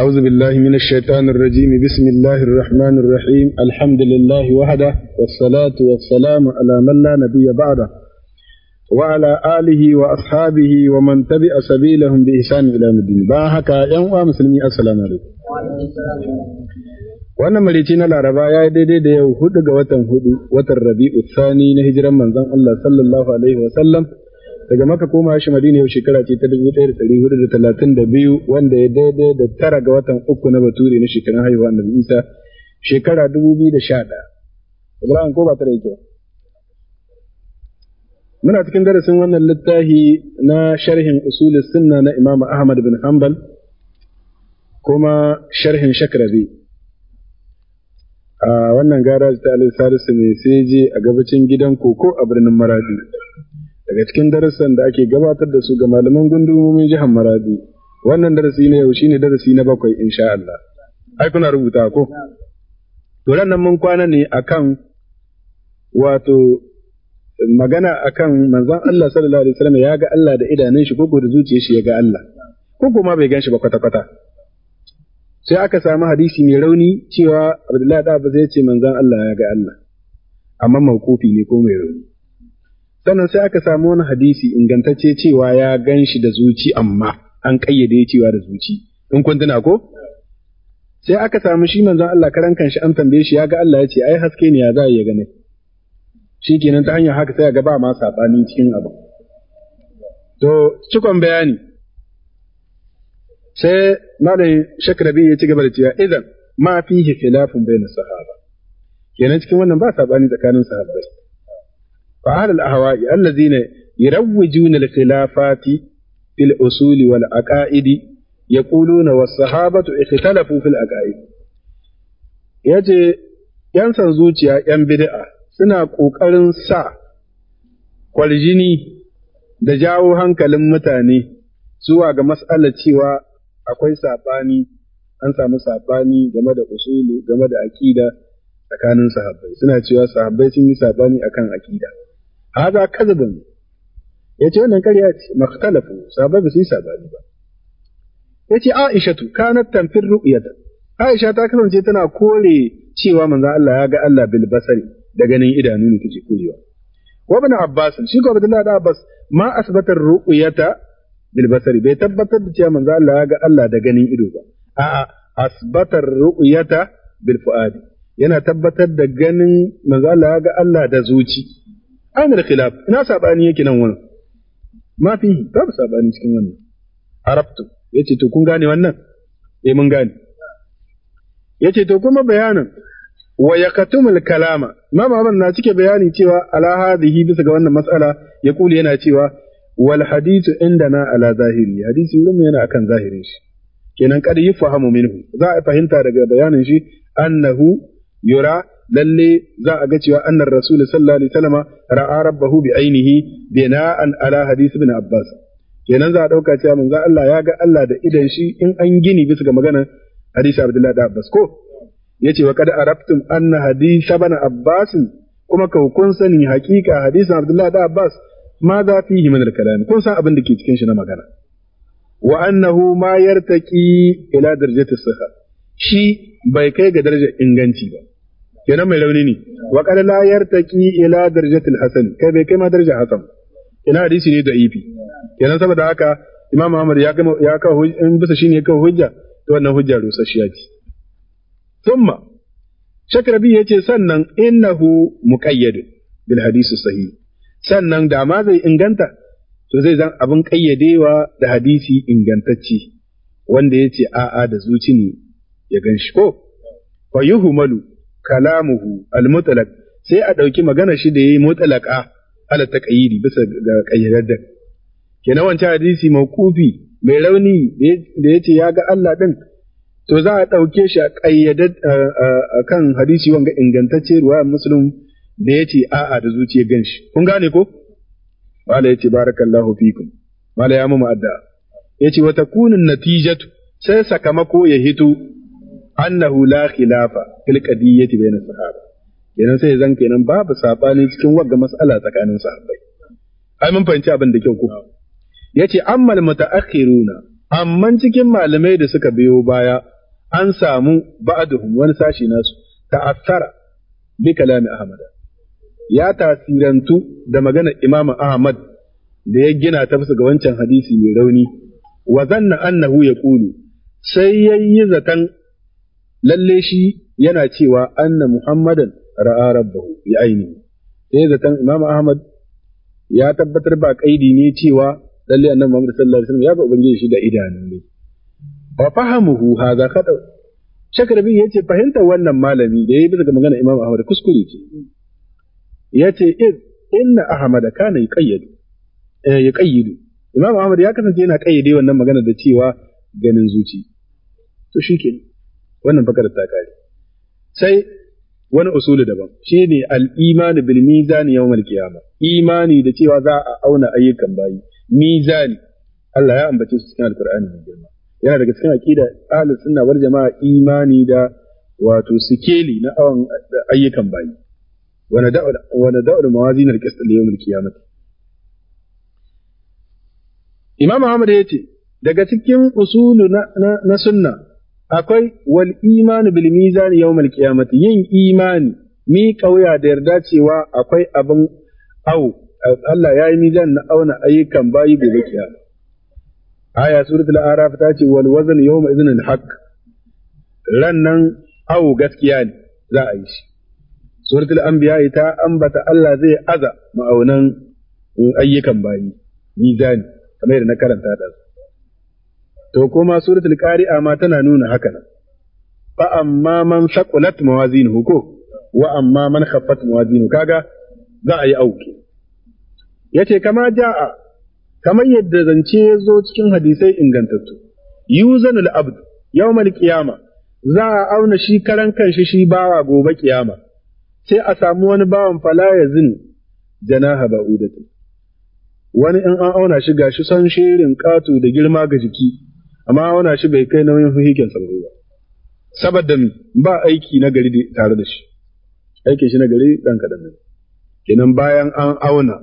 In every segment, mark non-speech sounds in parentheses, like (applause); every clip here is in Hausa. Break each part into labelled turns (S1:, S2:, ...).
S1: أعوذ بالله من الشيطان الرجيم بسم الله الرحمن الرحيم الحمد لله وحده والصلاة والسلام على من لا نبي بعده وعلى آله وأصحابه ومن تبع سبيلهم بإحسان إلى الدين باهك يا مسلمي السلام عليكم wannan marici na laraba ya yi daidai da yau hudu ga watan hudu watan rabi'u sani na hijiran manzon Allah sallallahu alaihi wa sallam daga maka koma shi madina yau shekara ce ta dubu ɗaya da ɗari hudu da talatin da biyu wanda ya daidai da tara ga watan uku na bature na shekarun haihuwa na isa shekara dubu biyu da sha ɗaya ibrahim ko ba ta yake ba muna cikin darasin wannan littafi na sharhin usul sunna na imam ahmad bin hanbal kuma sharhin shakrabi a wannan garaji ta alisarisu Salisu sai je a gabacin gidan koko a birnin Maradi. daga cikin darussan da ake gabatar da su ga malaman gundumomin jihar Maradi. Wannan darasi ne yau shine darasi na bakwai insha Allah. Ai kuna rubuta ko? To nan mun kwana ne akan wato magana akan manzon Allah sallallahu alaihi wasallam ya ga Allah da idanun shi koko da zuciyar shi ya ga Allah. Ko kuma bai gan shi ba kwata-kwata. Sai aka samu hadisi mai rauni cewa Abdullahi da Abu ya ce manzon Allah ya ga Allah. Amma mawkufi ne ko mai rauni. sannan sai aka samu wani hadisi ingantacce cewa ya gan shi da zuci amma an ƙayyade cewa da zuci in kun tuna ko sai aka samu shi manzon Allah karan kanshi an tambaye shi ya ga Allah ya ce ai haske ne ya za ya gane shi kenan ta hanyar haka sai ga ba ma saɓani cikin abu to cikon bayani sai malam shakrabi ya ci gaba da cewa idan ma fihi khilafun bainas sahaba kenan cikin wannan ba saɓani tsakanin sahabbai fa ahlul ahwa'i allazina yurawwijuna al-khilafati fil usuli wal aqaidi yaquluna was-sahabatu ikhtalafu fil aqaid yace yan san zuciya yan bid'a suna kokarin sa kwaljini da jawo hankalin mutane zuwa ga mas'alar cewa akwai saɓani an samu saɓani game da usulu game da aƙida tsakanin sahabbai suna cewa sahabbai sun yi saɓani akan aƙida haza kazabun yace wannan ƙarya ce makhtalafu sabai ba su yi sabani ba yace aishatu kanat tanfir ru'yata aisha ta kasance tana kore cewa manzo Allah ya ga Allah bil basari da ganin idanu ne take korewa wa ibn abbas shi ko abdullahi da abbas ma asbata ru'yata bil basari bai tabbatar da cewa manzo Allah ya ga Allah da ganin ido ba a'a asbata ru'yata bil fuadi yana tabbatar da ganin manzo Allah ya ga Allah da zuci ainihin khilaf ina sabani yake nan wurin ma fi babu sabani cikin wannan arabtu yace to kun gane wannan eh mun gane yace to kuma bayanin wa yakatumul kalama imam Ahmad na cike bayani cewa ala hadhihi bisa ga wannan matsala ya kuli yana cewa wal hadithu indana ala zahiri hadisi wurin yana akan zahirin shi kenan kada yi fahamu minhu za a fahimta daga bayanin shi annahu yura lalle za a ga cewa annar rasul sallallahu alaihi wasallam ra'a rabbahu bi ainihi bina'an ala hadith ibn abbas kenan za a dauka cewa manzo Allah ya ga Allah da idan shi in an gini bisa ga maganar hadisi abdullahi da abbas ko yace wa kad arabtum anna hadith ibn abbas kuma ka kun sani hakika hadisi abdullahi da abbas ma za fihi min al-kalam kun san abin da ke cikin shi na magana wa annahu ma yartaki ila darajati sihha shi bai kai ga darajar inganci ba kenan mai launi ne wa qad la yartaqi ila darajatil hasan kai bai kai ma daraja hasan ina hadisi ne da ifi kenan saboda haka imam Muhammad ya gama ya kawo in bisa shine ya kawo hujja to wannan hujja rusasshiya ce thumma shakrabi yace sannan innahu muqayyad bil hadisi sahih sannan da ma zai inganta to zai zan abin kayyadewa da hadisi ingantacci. wanda yace a'a da zuci ne ya ganshi ko fa malu. kalamuhu al-mutlaq sai a ɗauki magana shi da yayi mutlaqa ala taqyidi bisa ga qayyadaddan kenan wancan hadisi mawqufi mai rauni da yace ya ga Allah din to za a ɗauke shi a ƙayyadar a kan hadisi wanga ingantacce ruwa muslim da ya ce a'a da zuciya gan shi. Kun gane ko? Mala ya ce barakallahu fikum. Mala ya mu ma'adda. Ya ce wata kunin natijatu sai sakamako ya hito annahu la khilafa fil qadiyyati bayna sahaba kenan sai zan kenan babu sabani cikin wagga mas'ala tsakanin sahabbai ai mun fahimci abin da kyau ko yace ammal mutaakhiruna amman cikin malamai da suka biyo baya an samu ba'duhum wani sashi nasu ta'assara bi kalami ahmad ya tasirantu da magana imamu ahmad da ya gina ta bisa ga wancan hadisi mai rauni wa zanna annahu yaqulu sai yayi zaton lalle shi yana cewa anna muhammadan ra'a rabbahu bi ainihi sai zaton imam ahmad ya tabbatar ba kaidi ne cewa lalle annabi muhammad sallallahu alaihi wasallam ya ga ubangiji shi da idanun ne wa fahamuhu hadha kada shakrabi yace fahimta wannan malami da yayi bisa ga magana imam ahmad kuskure ce yace iz inna ahmad kana eh yuqayyidu imam ahmad ya kasance yana kayyade wannan magana da cewa ganin zuci to shikenan wannan fakar ta kare sai wani usuli daban shi ne al'imani bil mizani yawmal qiyama imani da cewa za a auna ayyukan bayi mizani Allah ya ambace su cikin alqur'ani mai girma yana daga cikin aqida ahlus sunna wal jama'a imani da wato sikeli na awan ayyukan bayi wa nada'u wa nada'u mawazin al-qist li yawm al-qiyamah Imam Ahmad ya ce daga cikin usulu na sunna akwai wal imanu bil mizan yawmal qiyamati yin imani mi kauya da yarda cewa akwai abin au Allah ya yi mizan na auna ayyukan bayi gobe kiyama aya suratul araf ta ce wal wazn yawma idhin al haqq ran nan au gaskiya ne za a yi shi suratul anbiya ta ambata Allah zai aza ma'aunan ayyukan bayi mizan kamar yadda na karanta da su to kuma suratul qari'a ma tana nuna haka nan fa amma man saqulat mawazinuhu ko wa amma man khaffat mawazinuhu kaga za a yi auki yace kama ja'a kamar yadda zance ya zo cikin hadisai ingantattu yuzanul abd yawmal qiyama za a auna shi karan kanshi shi bawa gobe kiyama sai a samu wani bawan fala ya janaha ba'udatu wani in an auna shi gashi son shirin ƙato da girma ga jiki amma auna shi bai kai nauyin hikin saba'in ba saboda ba aiki na gari tare da shi aikin shi na gari dan kadan ne kenan bayan an auna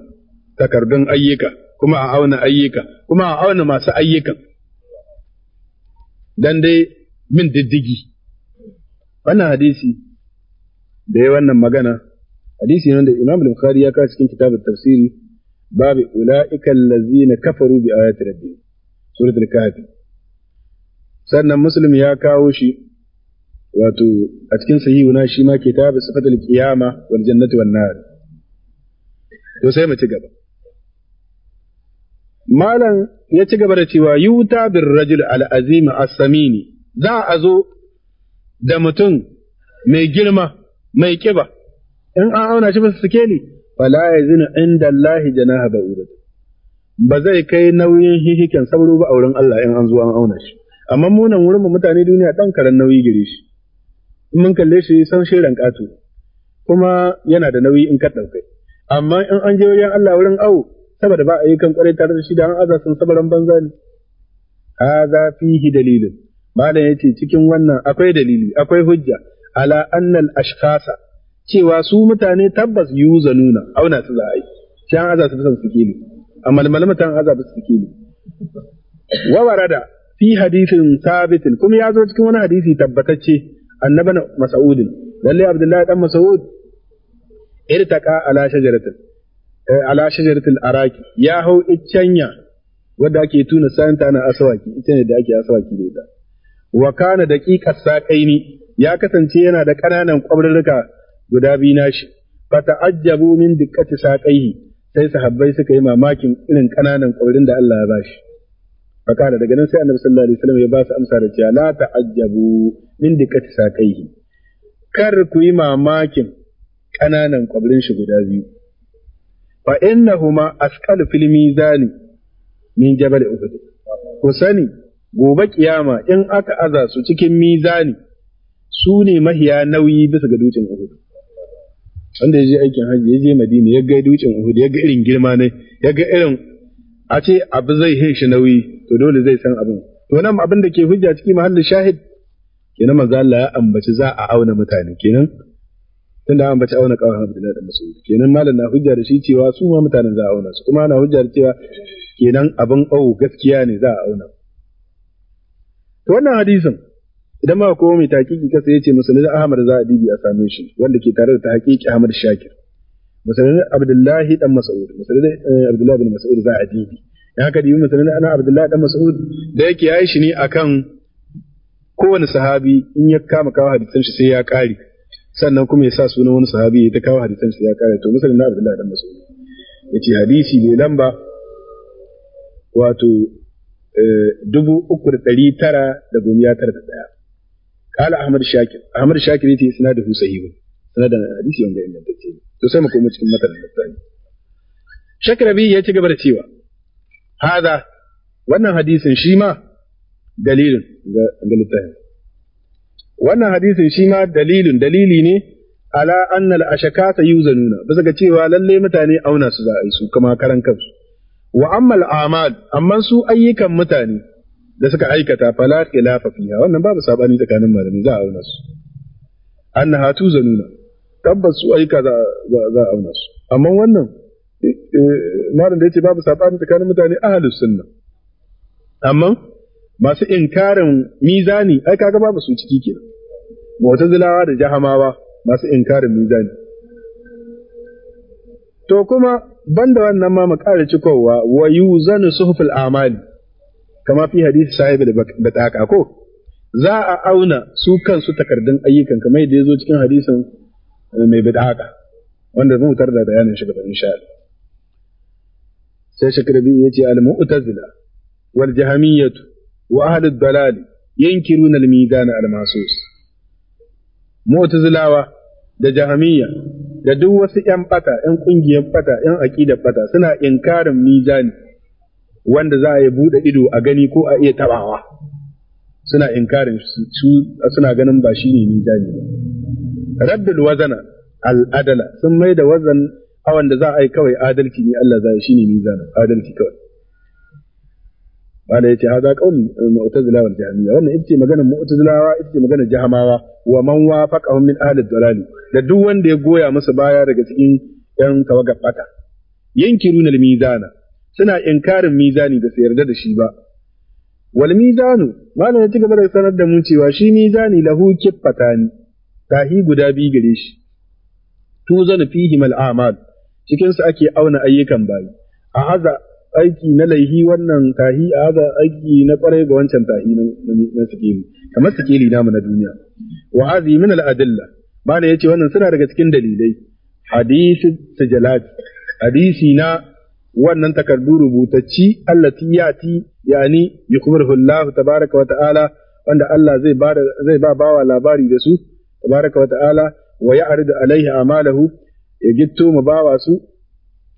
S1: takardun ayyuka kuma a auna ayyuka kuma a auna masu ayyukan dan dai min diddigi wannan hadisi da ya wannan magana hadisi ne da Imam Bukhari ya kawo cikin kitabin tafsiri babu ula'ika lazina kafaru bi ayati rabbihim suratul kafir sannan muslim ya kawo shi wato a cikin sahihu na shi ma kitabu sifatul qiyama wal jannati wan nar to sai mu ci gaba malam ya ci gaba da cewa yuta bir rajul al azim as za a zo da mutum mai girma mai kiba in an auna shi suke ne fala yazinu inda Allah janaha ba zai kai nauyin hihikan sauro ba a wurin Allah in an zuwa an auna shi amma munan wurin mu mutane duniya dan karan nauyi gare shi in mun kalle shi san shirin katu kuma yana da nauyi in ka dauke amma in an je wajen Allah wurin awo saboda ba a yi kan kwarai tare da shi da an aza sun sabaran banza ne fihi dalilin malam yace cikin wannan akwai dalili akwai hujja ala annal ashkasa cewa su mutane tabbas yuzanuna auna su za a yi sai an aza su san sikeli amma malmala aza su sikeli wa warada fi hadisin sabitin kuma ya zo cikin wani hadisi tabbatacce annabi mas'udin lalle abdullahi dan mas'ud irtaqa ala shajaratin ala shajaratil araki ya hau iccenya wadda ake tuna santa na asawaki ita da ake asawaki da ita wa kana daqiqas saqaini ya kasance yana da kananan kwabrurruka guda biyu nashi ta'ajjabu min dikkati saqaihi sai sahabbai suka yi mamakin irin ƙananan kwabrin da Allah ya bashi فقال daga nan sai annabi الله alaihi wasallam ya basu su amsa da تعجبوا من ta'ajjabu ساقيه كر كوي kar ku yi mamakin غدا بي shi guda biyu الميزان من جبل احد mizani ku sani gobe kiyama in aka aza su cikin mizani su ne mahiya nauyi bisa ga dutsen uhud wanda ya je aikin hajji ya je madina ya ga dutsen uhud ya ga irin girma ne ya ga irin a ce abu zai hin shi nauyi to dole zai san abin to nan abin da ke hujja ciki mahallin shahid kenan manzo Allah ya ambaci za a auna mutane kenan tunda an ambaci auna kawai Abdullahi da Mas'ud kenan malam na hujja da shi cewa su ma mutanen za a auna su kuma na hujja da cewa kenan abin au gaskiya ne za a auna to wannan hadisin idan ma ko mai takiki kasa yace musulmi Ahmad za a dibi a same shi wanda ke tare da ta Ahmad Shakir musulun abdullahi الله mas'ud مسعود eh, abdullahi عبد mas'ud بن a ذا عديدي haka dibi musulun abdullahi الله mas'ud da yake yayi shi ne akan kowane sahabi in ya kama kawo hadisan sai ya sannan kuma ya sa sunan wani sahabi ya ta kawo hadisan shi ya kare to musulun na abdullahi dan mas'ud yace hadisi lamba wato eh, dubu uku da ɗari tara da tara da ɗaya قال أحمد شاكر أحمد da يتي سناده صحيح سناده حديث يوم بين الدتين to sai mu koma cikin matan misali shakrabi ya ci gaba da cewa hada wannan hadisin shi ma dalilin ga littafin wannan hadisin shi ma dalilin dalili ne ala annal ashakata yuzanuna bisa ga cewa lalle mutane auna su za a yi su kuma karan kansu wa ammal amal amma su ayyukan mutane da suka aikata fala khilafa fiha wannan babu sabani tsakanin malamai za a auna su annaha tuzanuna tabbas su ayyuka za a auna su amma wannan eh, eh, malam da ya ce babu saɓani tsakanin mutane ahlus sunna amma masu inkarin mizani ai kaga babu su ciki Mota zilawa da jahamawa masu inkarin mizani to kuma banda wannan ma mu ƙara cikowa wa yuzanu suhuful amali kama fi hadisi sahib da ko za a auna su kansu takardun ayyukan kamar yadda ya zo cikin hadisin mai bid'a wanda zan tarda bayanin shi gaban insha Allah sai shakrabi yace al mu'tazila wal jahamiyyah wa ahli dalal yankiruna al mizan al masus mu'tazilawa da jahamiyya da duk wasu ‘yan bata, ‘yan ƙungiyar bata, ‘yan aƙidar bata suna inkarin mizani wanda za a yi buɗe ido a gani ko a iya tabawa Suna inkarin su suna ganin ba shi ne mizani ba. raddul wazana al'adala sun mai da wazan hawan da za a yi kawai adalci ne Allah zai shi ne mizanin adalci kawai bala yace haza qaul mu'tazila wal jahmiya wannan ita ce maganar mu'tazilawa ita ce maganar jahmawa wa man wa wafaqahum min ahli dalal da duk wanda ya goya musu baya daga cikin yan kawaga fata. yankiruna al mizana suna inkarin mizani da su yarda da shi ba wal mizanu malam ya ci gaba da sanar da mu cewa shi mizani lahu ni. tahi guda biyu gare shi tuzan fihi mal Cikinsu ake auna ayyukan bayi a haza aiki na laihi wannan tahi a haza aiki na kwarai ga wancan tahi na sikili kamar sikili namu na duniya wa hazi min al adilla bana yace wannan suna daga cikin dalilai hadisi sijalat hadisi na wannan takardu rubutacci allati yati yani yukhbiruhu Allah tabaraka wa ta'ala wanda Allah zai ba zai ba bawa labari da su tabaraka wa ta'ala wa ya'ridu alaihi amalahu ya gitto mu ba wasu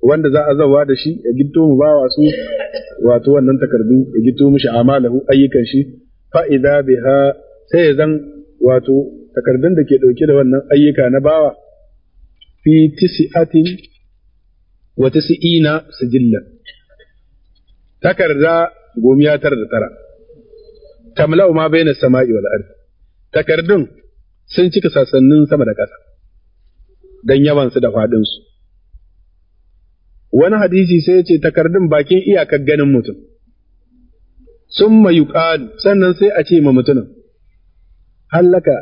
S1: wanda za a zawa da shi ya gitto mu ba su wato wannan takardu ya gitto mishi amalahu ayyukan shi fa idza biha sai ya zan wato takardun da ke dauke da wannan ayyuka na bawa fi tisi'atin wa tisi'ina sijilla takarda gomiya tara da tara tamla'u ma bayna sama'i wal ardi takardun sun cika sassanin sama da ƙasa don yawansu da faɗinsu. Wani hadisi sai ce takardun bakin iyakar ganin mutum, sun mayu sannan sai a ce ma mutumin, hallaka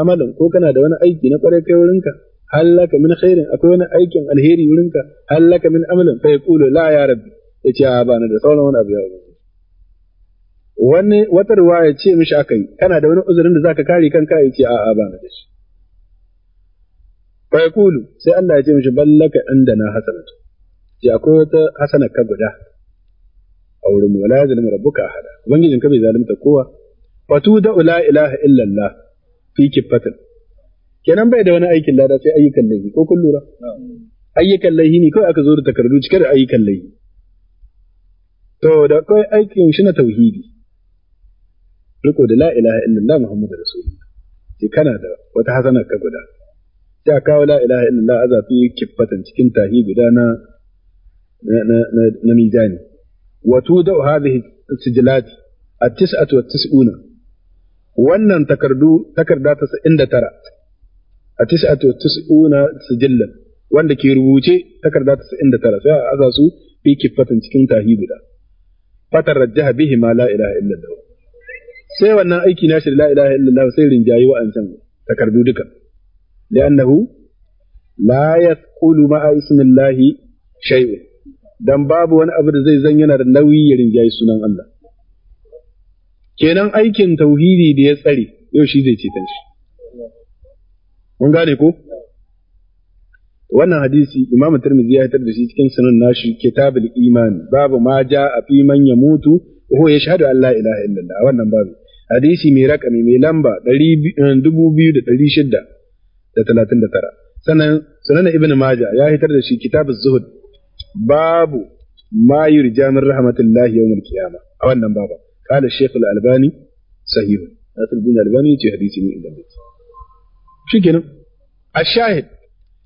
S1: amalin ko kana da wani aiki na ƙwarai kai wurinka, hallaka min khairin akwai wani aikin alheri wurinka, hallaka min amalin fa ya la ya rabbi, ya ce ba ni da sauran wani abu ya wani wata ruwaya ce mishi aka yi kana da wani uzurin da zaka kare kanka ya ce a'a ba da shi bai kulu sai Allah ya ce mishi ballaka na hasanatu ya akwai wata hasana ka guda a wurin mu wala zalimu rabbuka ahada ubangijin ka bai zalunta kowa fa tu da ula ilaha illa Allah fi kifatin kenan bai da wani aikin lada sai ayyukan laifi ko kun lura ayyukan laifi ne kawai aka zo da takardu cike da ayyukan laifi to da kawai aikin shi na tauhidi riko da la ilaha illallah muhammadu rasulullah sai kana da wata hasanar ka guda sai kawo la ilaha illallah a zafi kiffatan cikin tahi guda na na mizani wa tudau hadhihi sijilat at-tis'atu wat-tis'una wannan takardu takarda ta 79 at-tis'atu wat-tis'una sijillan wanda ke rubuce takarda ta da tara, sai a aza su fi kiffatan cikin tahi guda fatar rajjaha bihi ma la ilaha illallah sai wannan aiki na shi la ilaha illallah sai rinjayi wa'ancan takardu duka li'annahu la yasqulu ma'a ismillahi shay'un dan babu wani abu da zai zan yana da nauyi ya rinjayi sunan Allah kenan aikin tauhidi da ya tsare yau shi zai ceton shi mun gane ko wannan hadisi imamu tirmidhi ya fitar da shi cikin sunan nashi kitabul iman babu ma ja a fi man yamutu wa huwa yashhadu an la ilaha illallah wannan babu hadisi mai rakami mai lamba eh, dubu biyu da da talatin 2639 sannan sunan ibn maja ya hitar da shi kitabuz zuhud babu ma yurja min rahmatillahi yawmul qiyama a wannan baba qala shaykh al-albani sahih nasruddin albani yace hadisi ne inda ne shikenan ash-shahid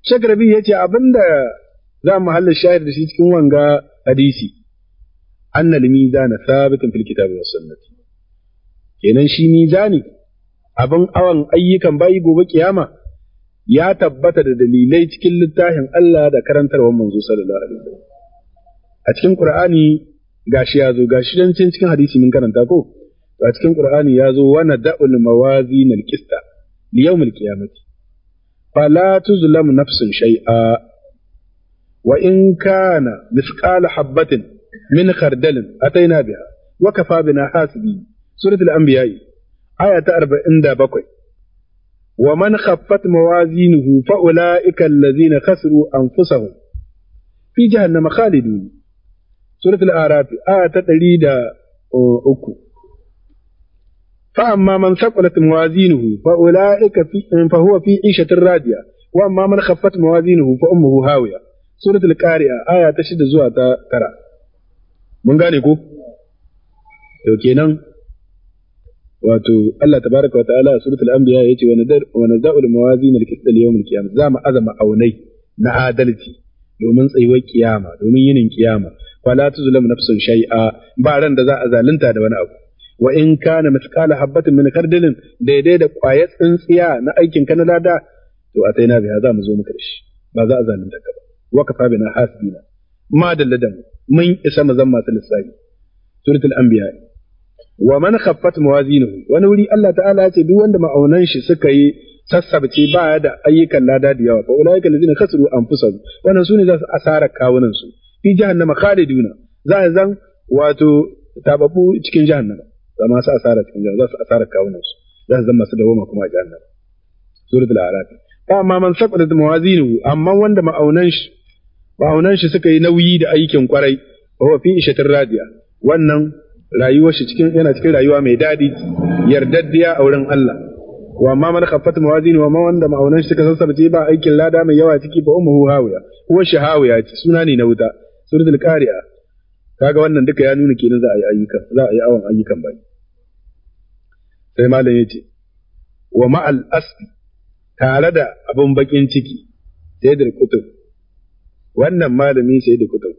S1: shakrabi yace abinda za mu halal shahid da shi cikin wanga hadisi anna al-mizana thabitun fil kitabi was sunnati kenan shi mizani abin awan ayyukan bayi gobe kiyama ya tabbata da dalilai cikin littafin Allah da karantarwar manzo sallallahu alaihi a cikin Qur'ani gashi ya gashi dan cikin hadisi mun karanta ko a cikin Qur'ani ya zo wa mawazin al-qista li yawm al fala tuzlam nafsun shay'a wa in kana mithqala habatin min khardalin ataina biha wa kafa bina hasibin suratul yi. aya ta bakwai. wa man khaffat mawazinuhu fa ulaika allazina khasiru anfusahum fi jahannama khalidun suratul araf aya ta 103 فأما من ثقلت موازينه فأولئك في فهو في عيشة راضية وأما من خفت موازينه فأمه هاوية سورة القارئة آية تشد tara. Mun gane قال يقول يوكينا wato Allah tabaraka wataala a suratul anbiya yace wa nadar wa nada'ul mawazin al-qist al qiyamah za mu azama aunai na adalci domin tsayuwar kiyama domin yinin kiyama fala tuzlam nafsun shay'a ba ran da za a zalunta da wani abu wa in kana mithqala habatin min kardilin daidai da kwayar tsintsiya na aikin ka na lada to a taina biya za mu zo muka dashi ba za a zalunta ka ba wa kafa bina hasbina ma dalladan mun isa mu zan masu lissafi suratul anbiya wa man khaffat mawazinuhu wani wuri Allah ta'ala ya ce duk wanda ma'aunan shi suka yi sassabce ba da ayyukan lada da yawa fa ulaika allazina khasiru anfusahum wannan sune za su asara kawunan su fi jahannama khaliduna za a zan wato tababu cikin jahannama za ma su asara cikin jahannama za su asara kawunan su za su zama su dawoma kuma a jahannama suratul a'raf amma man saqalat mawazinuhu amma wanda ma'aunan shi ma'aunan shi suka yi nauyi da aikin kwarai wa fi ishatir radiya wannan rayuwar shi cikin yana cikin rayuwa mai dadi yardaddiya a wurin Allah wa amma man khaffat mawazin wa ma wanda ma'aunan shi suka sassarce ba aikin lada mai yawa ciki ba ummuhu hawiya huwa shi hawiya ce suna ne na wuta suratul qari'a kaga wannan duka ya nuna kenan za a yi ayyuka za a yi awon ayyukan bai sai malam yace wa ma'al asbi tare da abun bakin ciki sai da kutub wannan malami sai da kutub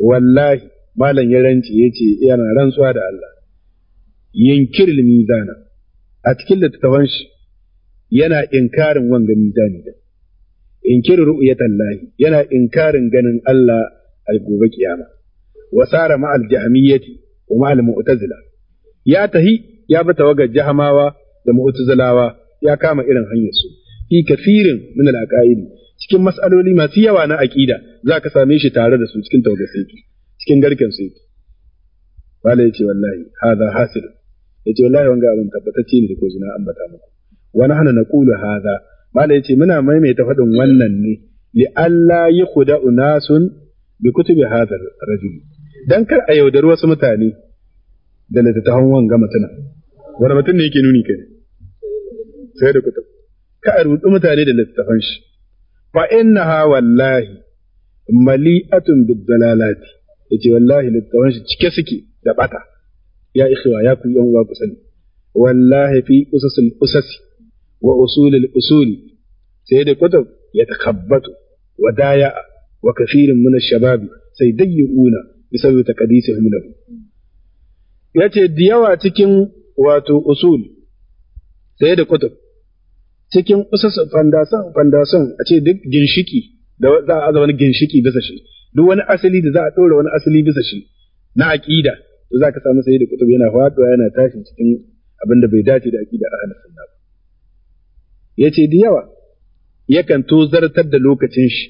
S1: wallahi malam ya rance ya ce yana rantsuwa da Allah yankiril mizana a cikin littattafan shi yana inkarin wanga mizani da inkir ru'yat Allah yana inkarin ganin Allah a gobe kiyama wa sara al jahmiyyati wa al mu'tazila ya tahi ya bi waga jahamawa da mu'tazilawa ya kama irin hanyar su fi kafirin min al cikin mas'aloli masu yawa na aqida zaka same shi tare da su cikin tawagar sai cikin garken su yake bala yace wallahi hadha hasil yace wallahi wanga abin tabbatacce ne da ko jina ambata muku wa nahnu naqulu hadha bala yace muna maimaita fadin wannan ne li alla yakhuda unasun bi kutubi hadha rajul dan kar a yaudari wasu mutane da littattafan wanga mutuna wani mutum ne yake nuni kai sai da kutub ka a rudu mutane da littattafan shi fa innaha wallahi mali'atun bid dalalati yace wallahi littafan shi cike suke da bata ya ikhwa ya ku yan uwa ku sani wallahi fi usasil usasi wa usulil usuli sai da kutub ya takabbatu wa daya wa kafirin min shababi sai dayyuna bisabu taqdisihum lahu yace da yawa cikin wato usul sai da kutub cikin usasin fandasan fandasan a ce duk ginshiki da za a wani ginshiki bisa shi duk wani asali da za a ɗora wani asali bisa shi na aƙida to za ka samu da kutub yana faɗuwa yana tashi cikin abin da bai dace da aƙida ahlus sunna ba ce da yawa yakan tozartar da lokacin shi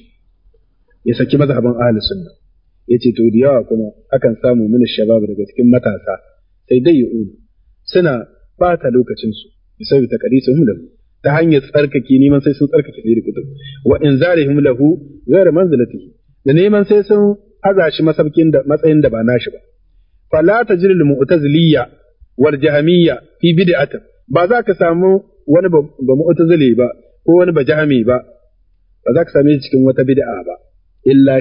S1: ya saki mazhaban ahlus sunna ce to da yawa kuma akan samu mini shabab daga cikin matasa sai dai yu'ulu suna bata lokacinsu su bisai ta qadisuhum lahu ta hanyar tsarkake neman sai sun tsarkake sai da kutub wa in zarihim lahu ghayr manzilatihi da neman sai sun haza shi masabkin da matsayin da ba nashi ba fala tajri lil mu'taziliyya wal jahmiyya fi bid'ati ba za ka samu wani ba mu'tazili ba ko wani ba jahmi ba ba za ka same shi cikin wata bid'a ba illa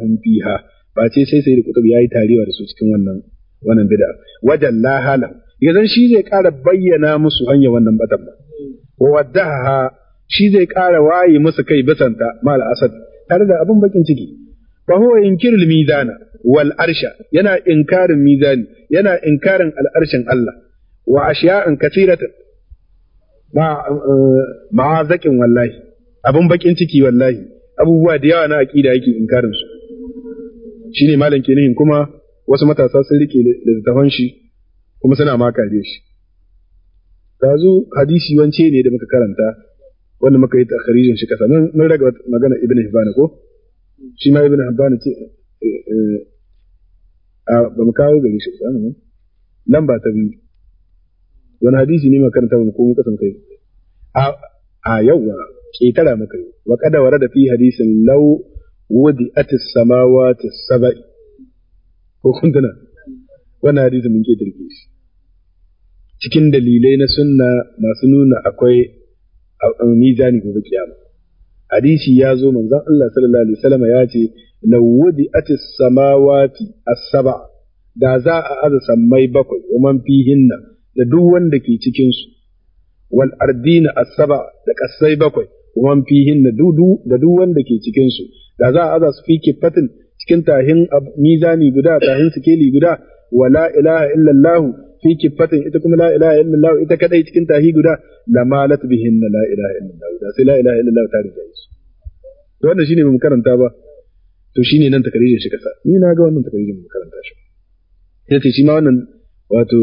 S1: hum fiha ba ce sai sai kutub yayi tarewa da su cikin wannan wannan bid'a wajallaha lahum yanzu shi zai ƙara bayyana musu hanya wannan batan ba wa waddaha shi zai ƙara waye musu kai bisanta mal asad tare da abin bakin ciki fa huwa al mizana wal arsha yana inkarin mizani yana inkarin al arshin Allah wa ashiya'an kathiratan ba eh, zakin wallahi abin bakin ciki wallahi abubuwa da yawa na aqida yake inkarin su shine malam kenan kuma wasu matasa sun rike littafan shi kuma suna makare shi dazu hadisi wance ne da muka karanta wanda muka yi takharijin shi kasa mun raga magana ibn hibban ko shi ma ibn hibban ce eh, eh, a ba mu kawo gari shi kasa mun eh. lamba ta biyu wani hadisi ne makaranta ba ko muka kasan kai a a yawa ketara muka yi wa kada warada fi hadisin law wudi atis samawati sabi ko kun tana wannan hadisi mun ke dirge shi cikin dalilai na sunna masu nuna akwai mizani gobe kiyama hadisi ya zo manzon Allah sallallahu alaihi wasallam ya ce lawudi atis samawati as-saba da za a aza sammai bakwai wa man fihinna da duk wanda ke cikin su wal ardina as-saba da kasai bakwai wa man fihinna dudu da duk wanda ke cikin su da za a aza su fi kifatin cikin tahin mizani guda tahin sikeli guda wa la ilaha illallah fi kifatin ita kuma la ilaha illallah ita kadai cikin tahi guda la malat bihin la ilaha illallahu da sai la ilaha illallah ta riga su to wannan shine bamu karanta ba to shine nan takarijin shi kasa ni na ga wannan takarijin bamu karanta shi yace shi ma wannan wato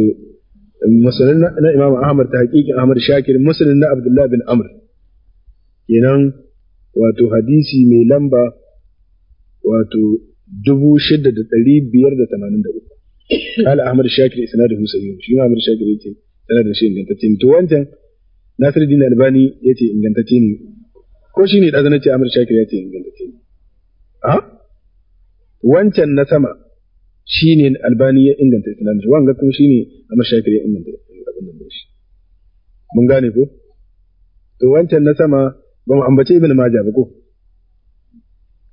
S1: masanin na Imam Ahmad ta haƙiƙin Ahmad Shakir masanin na Abdullah bin Amr kenan wato hadisi mai lamba wato dubu shida da ɗari biyar da tamanin da uku قال احمد الشاكر اسناده سيئ shi ma Ahmad Shakir yace da shi ingantacce ne to wancan Nasiruddin Albani yace ingantacce ne ko shine da zanace Ahmad Shakir yace ingantacce ne a wancan na sama shine Albani ya inganta isnadin shi wanga kuma shine Ahmad Shakir ya inganta abin nan shi mun gane ko to wancan na sama ba mu ambace Ibn Majah ba ko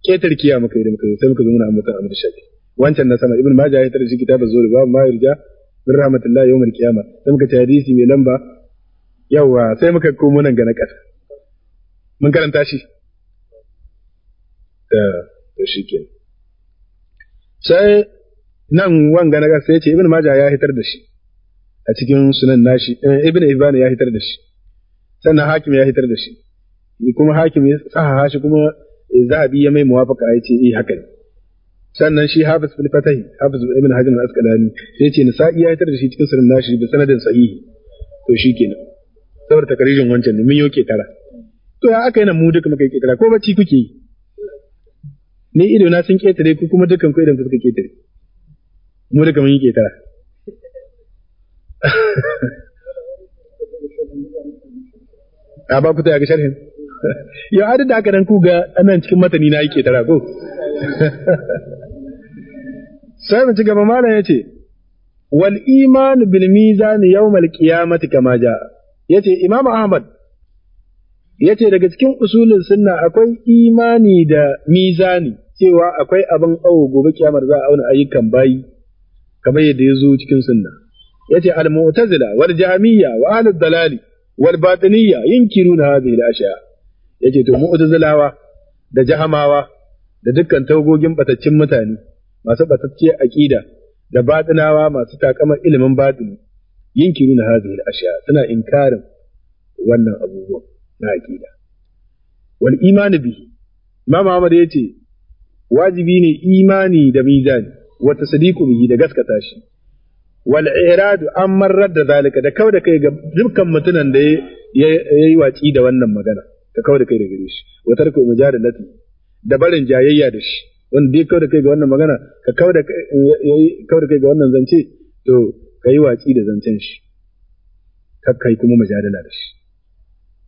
S1: ketar kiya muka yi da muka sai muka zo muna ambata Ahmad Shakir wancan na sama ibn majah ya tarji kitab az-zuhri babu ma yurja min rahmatillah yawm al-qiyamah sai muka ci hadisi mai lamba yawa sai muka komo nan ga na kasa mun karanta shi da to shikenan sai nan wanga na kasa sai ce ibn majah ya hitar da shi a cikin sunan nashi eh, ibn ibn ya hitar da shi sannan hakim ya hitar da shi kuma hakim ya sahaha shi kuma eh, zahabi ya mai muwafaka ya ce eh haka ne sannan shi hafiz bin fatahi hafiz ibn hajar al asqalani sai ce Sa'i ya tarda da shi cikin sunan nashi bi sanadin sahihi to shikenan saboda takarijin wancan ne mun yau tara. to ya aka yana mu duka muka yi tara ko bacci kuke yi ni ido na sun ketare ku kuma dukan ku idan ku suka ketare mu duka mun yi ketara (laughs) a ba ku ta ga sharhin (laughs) yau adada aka dan ku ga anan cikin matani na yi ketara ko (laughs) sai mu ci gaba malam yace wal iman bil mizan yawmal qiyamati kama ja yace imam ahmad yace daga cikin usulin sunna akwai imani da mizani cewa akwai abin awo gobe kiyamar za a auna ayyukan bayi kamar yadda ya zo cikin sunna yace al mu'tazila wal jahmiyya wa ahlud dalali wal batiniyya yunkiruna hadhihi al ashya yace to mu'tazilawa da jahamawa da dukkan tawogogin batacin mutane masu batacciyar aƙida da baɗinawa masu takamar ilimin yin yinkiru na da ashiya suna inkarin wannan abubuwan na aƙida Wani imani bi? imam Ahmad ya ce wajibi ne imani da mizani wata sadiku bihi da gaskata shi wal iradu an marar da zalika da kawai da kai ga dukkan mutunan da ya yi watsi da wannan magana ka kawai da kai da gare shi wa tarku mujarilati da barin jayayya da shi wanda dai kawai da kai ga wannan magana ka kawai da kai ga wannan zance to ka yi watsi da zancen shi kakkai kuma majadala da shi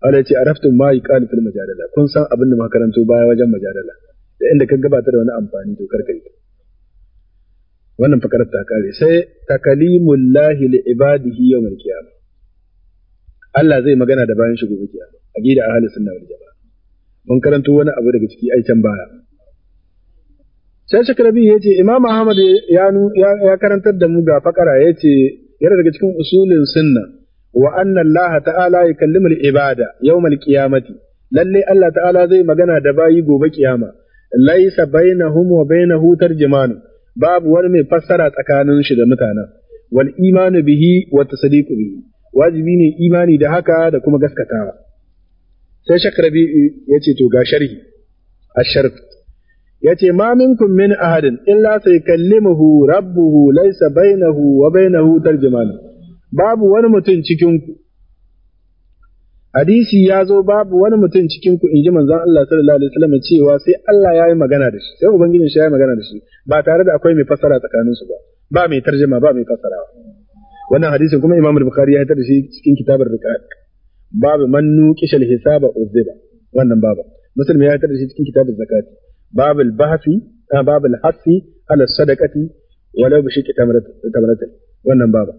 S1: Allah ya ce araftum ma yuqalu fil majadala kun san abin da makarantu baya wajen majadala da inda ka gabata da wani amfani to karka yi wannan fakarar ta kare sai lahi li ibadihi yawmal qiyamah Allah zai magana da bayan shi gobe kiyama aqida ahli sunna wal jamaa mun karanto wani abu daga ciki aikin can baya sai karabi ya ce imam ahmad ya karantar da mu ga fakara ya ce yana daga cikin usulin sunna wa anna allaha ta'ala ya kalli kallimul ibada yawmal qiyamati lalle allah ta'ala zai magana da bayi gobe kiyama laisa bainahum wa hutar tarjumanu babu wani mai fassara tsakanin shi da mutanen wal imanu bihi wa tasdiqu bihi wajibi ne imani da haka da kuma gaskatawa sai shakrabi ce to ga sharhi Ya ce, ma minkum min ahadin illa sai kallimuhu rabbuhu laysa bainahu wa bainahu tarjuman babu wani mutum cikin ku hadisi ya zo babu wani mutum cikin ku inji manzon Allah sallallahu alaihi wasallam cewa sai Allah ya yi magana da shi sai Ubangiji shi yi magana da shi ba tare da akwai mai fassara tsakanin su ba ba mai tarjuma ba mai fassarawa wannan hadisin kuma Imam Bukhari ya hitar da shi cikin kitabar riqaq babu man nuqishal hisaba uzziba wannan babu. muslim ya hitar da shi cikin kitabar Zakat. babul bahfi babul hafi ala sadaqati wala bi shi tamarata wannan baba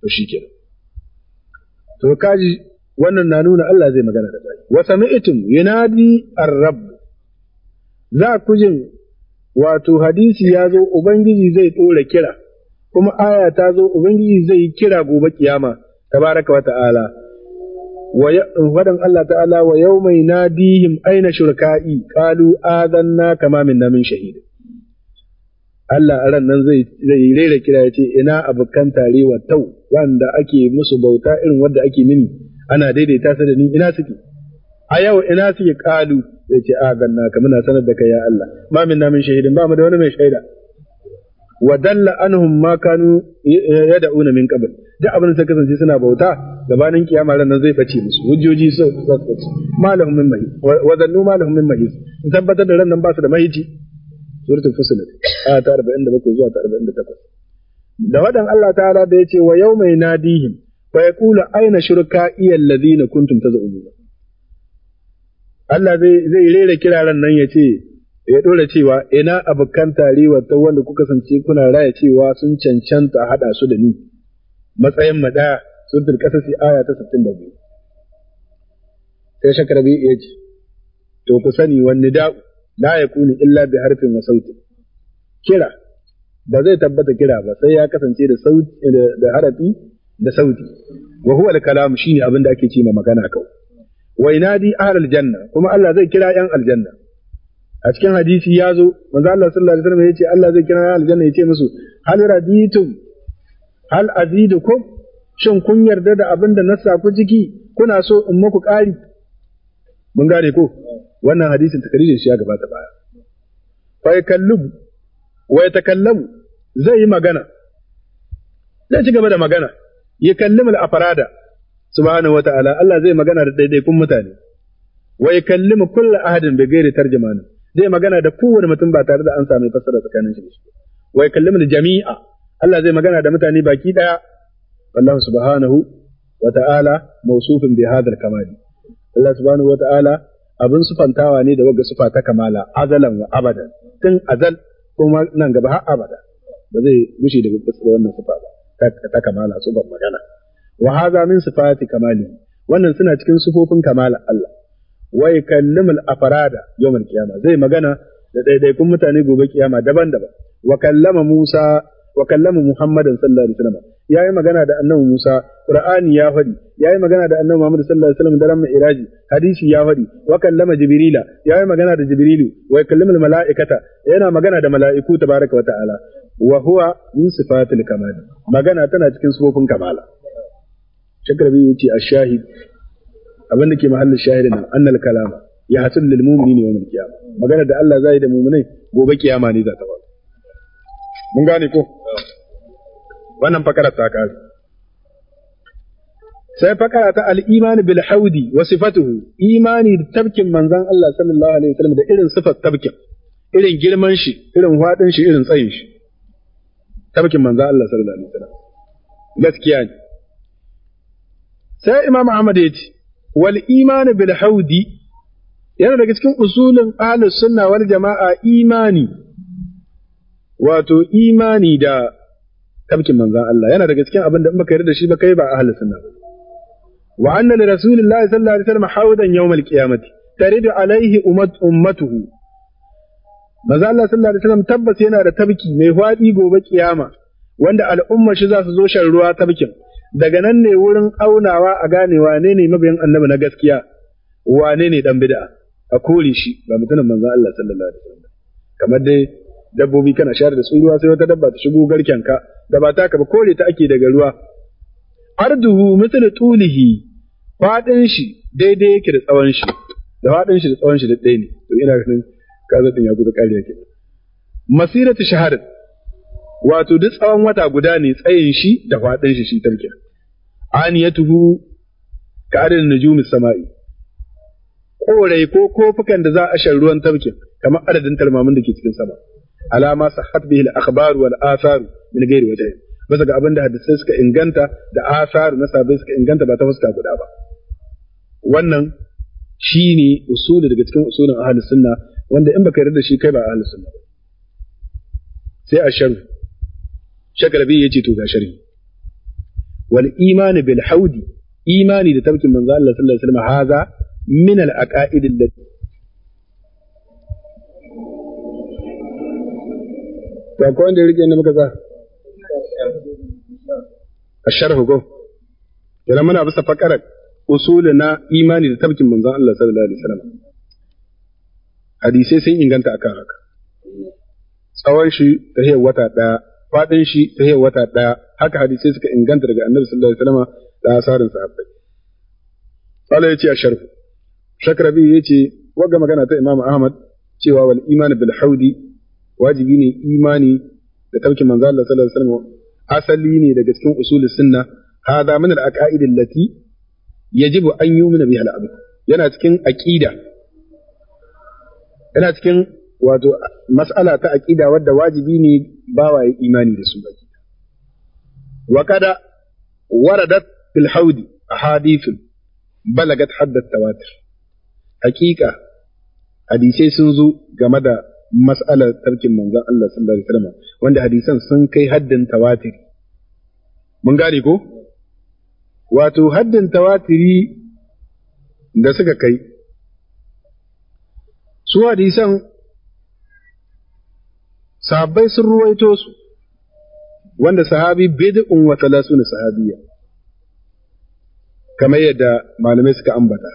S1: to shikenan to kaji wannan na nuna Allah zai magana da kai wa sami'tum yunadi ar-rabb za ku jin wato hadisi ya zo ubangiji zai tsora kira kuma aya ta zo ubangiji zai kira gobe kiyama tabaraka wa ta'ala wadan Allah ta'ala wa yau mai nadihim aina shirka'i? ƙalu azanna kama min namun shahid. Allah a ran nan zai rera kira ya ce ina abokan wa tau wanda ake musu bauta irin wadda ake mini ana daidaita su da ni ina suke. A yau ina suke ƙalu zai ce ganna ka muna sanar da kai ya Allah ma min namun shahidin ba mu da wani mai shaida. wa dalla anhum ma kanu eh, yad'una min qabl duk abin da kasance suna bauta gabanin kiyama ran nan zai bace musu hujjoji su zaskaci malahum min mahi wa zannu malahum min mahi tabbatar da ran nan ba su da mahiji suratul fusilat aya ta 47 zuwa ta 48 da wadan Allah ta'ala da yace wa yawma yanadihim fa yaqulu aina shurka iyalladhina kuntum taz'umuna Allah zai zai rera kiraran nan yace ya dora cewa ina abokan tarewar ta wanda kuka kasance kuna raya cewa sun cancanta a haɗa su da ni matsayin mu sun turkasa si aya ta 62 sai biyu ya ce to ku sani wani da'u la kuni illa bi harfin wa sauti kira ba zai tabbata kira ba sai ya kasance da sauti da harafi da sauti wa huwa kalamu kalam ne abin da ake ce ma magana kawai wa di ahlal janna kuma Allah zai kira yan aljanna a cikin hadisi ya zo manzo Allah sallallahu alaihi wasallam yace Allah zai kira aljanna yace musu hal raditum hal azidukum shin kun yarda da abin da na saku ciki kuna so in muku ƙari mun gane ko wannan hadisin takaririn shi ya gaba ta baya fa yakallu wa yatakallamu zai yi magana zai ci gaba da magana ya kallimu al-afrada subhanahu wataala Allah zai magana da daidaikun mutane wa yakallimu kullu ahadin bi ghairi tarjumanin zai magana da kowane mutum ba tare da an sami fassara tsakanin shi wa yakallimu jami'a Allah zai magana da mutane baki daya Allah subhanahu wa ta'ala mawsufun bi hadal kamal Allah subhanahu wa ta'ala abin sufantawa ne da wagga sufa ta kamala azalan wa abadan tun azal kuma nan gaba har abada ba zai gushe daga tsira wannan sufa ba ta kamala sufan magana wa hadha min sifati kamali wannan suna cikin sufofin kamala Allah wa yukallimul afrada yawmal qiyama zai magana da daidaikun mutane gobe kiyama daban-daban wa kallama Musa wa kallama Muhammadan sallallahu alaihi wasallam yayi magana da annabi Musa Qur'ani ya fadi yayi magana da annabi Muhammad sallallahu alaihi wasallam daren Miraji hadisi ya fadi wa kallama Jibrila yayi magana da Jibrilu wa kallamul mala'ikata yana magana da mala'iku tabaraka wata'ala wa huwa min sifatil kamal magana tana cikin sifofin kamala Shakrabi ce a shahid abin da ke mahallin shahidin nan annal kalama ya hasil lil mu'mini yawm al-qiyamah magana da Allah zai da mu'minai gobe kiyama ne za ta faru mun gane ko wannan fakara ta kare sai fakara ta al-iman bil haudi wa sifatuhu imani da tabkin manzon Allah sallallahu alaihi wasallam da irin sifar tabkin irin girman shi irin fadin shi irin tsayin shi tabkin manzon Allah sallallahu alaihi wasallam gaskiya ne sai imam Ahmad ya ce wal imanu bil haudi yana daga cikin usulin ahlus sunna wal jama'a imani wato imani da tabkin manzan Allah yana daga cikin abin da in baka yarda shi ba kai ba ahlus sunna wa anna li rasulillahi sallallahu alaihi wasallam haudan yawm al-qiyamati taridu alaihi ummat ummatuhu manzo Allah sallallahu alaihi wasallam tabbas yana da tabki mai hwadi gobe kiyama wanda al'umma shi za su zo shan ruwa tabkin daga nan ne wurin aunawa a gane wane ne mabiyan annabi na gaskiya wane ne dan bid'a a kore shi ba mutumin manzon Allah sallallahu alaihi wasallam kamar dai dabbobi kana share da su ruwa sai wata dabba ta shigo garken ka da ba ta ka ba kore ta ake daga ruwa arduhu mithlu tulihi fadin shi daidai yake da tsawon shi da fadin shi da tsawon shi da ɗaya ne to ina ganin kaza din ya gudu kariya ke masiratu shahadat wato duk tsawon wata guda ne tsayin shi da fadin shi shi talkin aniyatuhu ka adadin nujumis sama'i korai ko kofukan da za a shan ruwan tafkin kamar adadin talmamin da ke cikin sama alama sahhat bihi al-akhbar wal athar min ghairi wajh bisa ga abinda hadisai suka inganta da athar na sabai suka inganta ba ta fuska guda ba wannan shine usuli daga cikin usulin ahli sunna wanda in baka yarda da shi kai ba ahli sunna sai a sharu shakarabi yace to ga sharhi wal imani bil haudi imani da tabkin manzo Allah sallallahu alaihi wasallam haza min al aqaid allati ta ko inda rike ne muka sa sharh go yana muna bisa fakarar usuli na imani da tabkin manzo Allah sallallahu alaihi wasallam hadisai sun inganta akan haka tsawon shi ta hiyar wata ɗaya faɗin shi ta hiyar wata ɗaya haka hadisai suka inganta daga annabi sallallahu alaihi wasallam da asarin sahabbai Allah ya ce a sharhu shakrabi ya ce wagga magana ta Imam Ahmad cewa wal iman bil haudi wajibi ne imani da taukin manzo Allah sallallahu alaihi wasallam asali ne daga cikin usulus sunna hada min al aqaid allati yajibu an yu'mina biha al abd yana cikin aqida yana cikin wato mas'ala ta aqida wadda wajibi ne bawa ya imani da su baki وكذا وردت في الحوض أحاديث بلغت حد التواتر حقيقة hadisai sun zo game da mas'alar tarkin manzon Allah sallallahu alaihi wasallam wanda hadisan sun kai haddin tawatiri mun gane ko wato haddin tawatiri da suka kai su hadisan sabbai sun ruwaito su wanda sahabi bid'un wa talasuna sahabiyya kamar yadda malamai suka ambata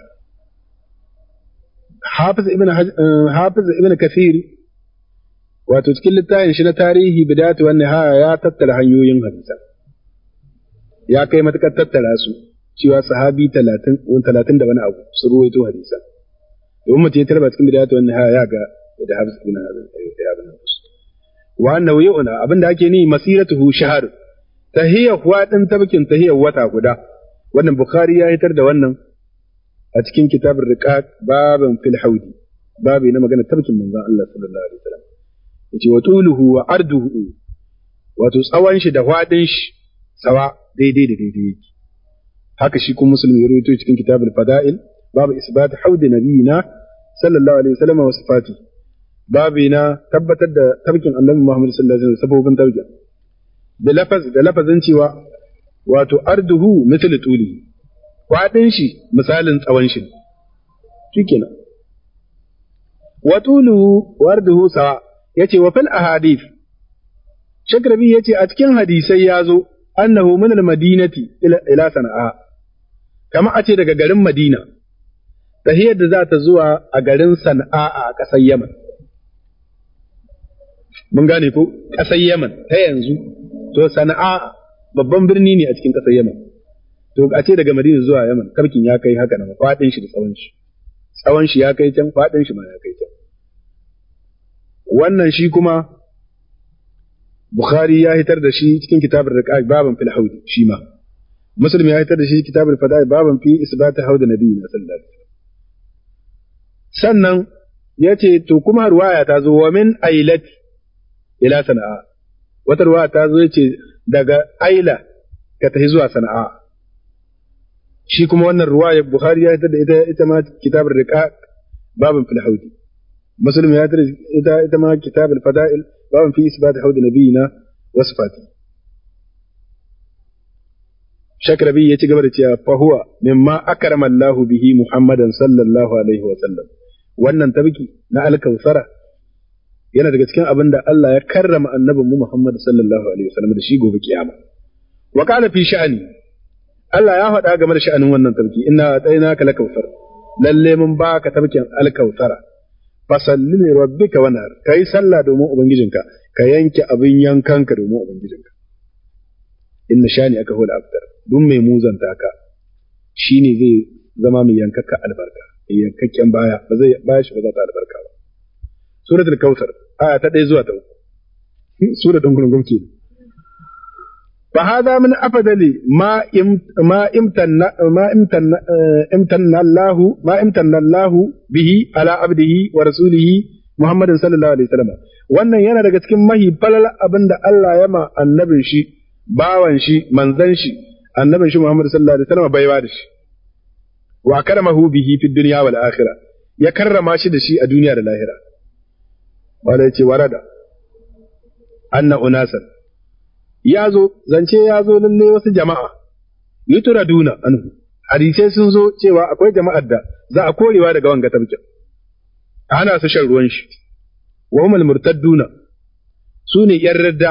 S1: Hafiz ibn eh, Hafiz ibn Kathir wato cikin littafin shi na tarihi bidatu wa nihaya ya tattara hanyoyin hadisa ya kai matakar tattara su cewa sahabi 30 talatin da wani abu su ruwaito hadisa domin mutum ya tarba cikin bidatu wa nihaya ya ga da Hafiz ibn Hafiz ya abin wa annahu abin da ake ni masiratuhu shahar. tahiyya kuwa din tabkin tahiyya wata guda wannan bukhari ya hitar da wannan a cikin kitabur riqaq babin fil haudi babi na magana tabkin manzon Allah sallallahu alaihi wasallam yace wa tuluhu wa arduhu wato tsawon shi da fadin shi tsawa daidai da daidai yake haka shi kuma musulmi ya rawaito cikin kitabul fada'il babu isbat haudi nabiyina sallallahu alaihi wasallam wa sifatihi babi na tabbatar da tarkin annabi Muhammad sallallahu alaihi wasallam sabobin tarkin da lafaz da lafazin cewa wato arduhu mithlu tuli kwadin shi misalin tsawon shi shikenan wa tulu wa arduhu sawa yace wa fil ahadith shakrabi yace a cikin hadisai yazo annahu min al madinati ila sana'a kama a ce daga garin madina hiyar da za ta zuwa a garin sana'a a ƙasar yaman mun gane ko ƙasar Yemen ta yanzu to sana'a babban birni ne a cikin ƙasar Yemen to a ce daga Madina zuwa Yemen karkin ya kai haka nan faɗin shi da tsawon shi tsawon shi ya kai can faɗin shi ma ya kai can wannan shi kuma Bukhari ya hitar da shi cikin da riqaq baban fil haudi shi ma Muslim ya hitar da shi kitabul fada'i baban fi isbat haudi nabiyyi sallallahu alaihi wasallam sannan yace to kuma ruwaya ta zo wa min ailati ila sana'a wata ruwa ta zo yace daga aila ka tafi zuwa sana'a shi kuma wannan ruwa ya bukhari ya da ita ita ma kitabul riqaq babin fil haudi muslim ya da ita ita ma kitabul fada'il babin fi isbat haud nabiyina wa sifati shakrabi ya ci gaba da cewa fa huwa mimma akrama Allah bihi Muhammadan sallallahu alaihi wa sallam wannan tabki na alkausara yana daga cikin abin da Allah ya karrama annabin mu Muhammad sallallahu alaihi wasallam da shi gobe kiyama wa qala fi sha'ani Allah ya faɗa game da sha'anin wannan tabki inna atainaka lakawthar lalle mun baka tabkin alkawthara fasalli li rabbika wanhar kai sallah domin ubangijinka ka yanke abin yankanka domin ubangijinka inna sha'ani aka hula abtar Dun mai muzanta ka shine zai zama mai yankakka albarka mai yankakken baya ba zai baya shi ba za ta albarka ba suratul kautsar aya ta ɗaya zuwa ta uku hmm, sura ɗan gurgum ke fa hada min afdali ma im ma imtanna ma imtanna eh, imtanna Allah ma imtanna Allah bihi wa rasulihi Muhammadin sallallahu alaihi wasallam wannan yana daga cikin mahi falal abinda Allah ya ma annabin shi bawan shi manzan shi annabin shi Muhammad sallallahu alaihi wasallam bai ba da shi wa bihi ya karrama shi da shi a duniya da lahira wala ya ce warada anna unasan ya zo zance ya zo nan ne wasu jama'a duna anhu hadisai sun zo cewa akwai jama'ar da za a korewa daga wanga tabkin ana su shan ruwan shi wa humul murtadduna su ne yan radda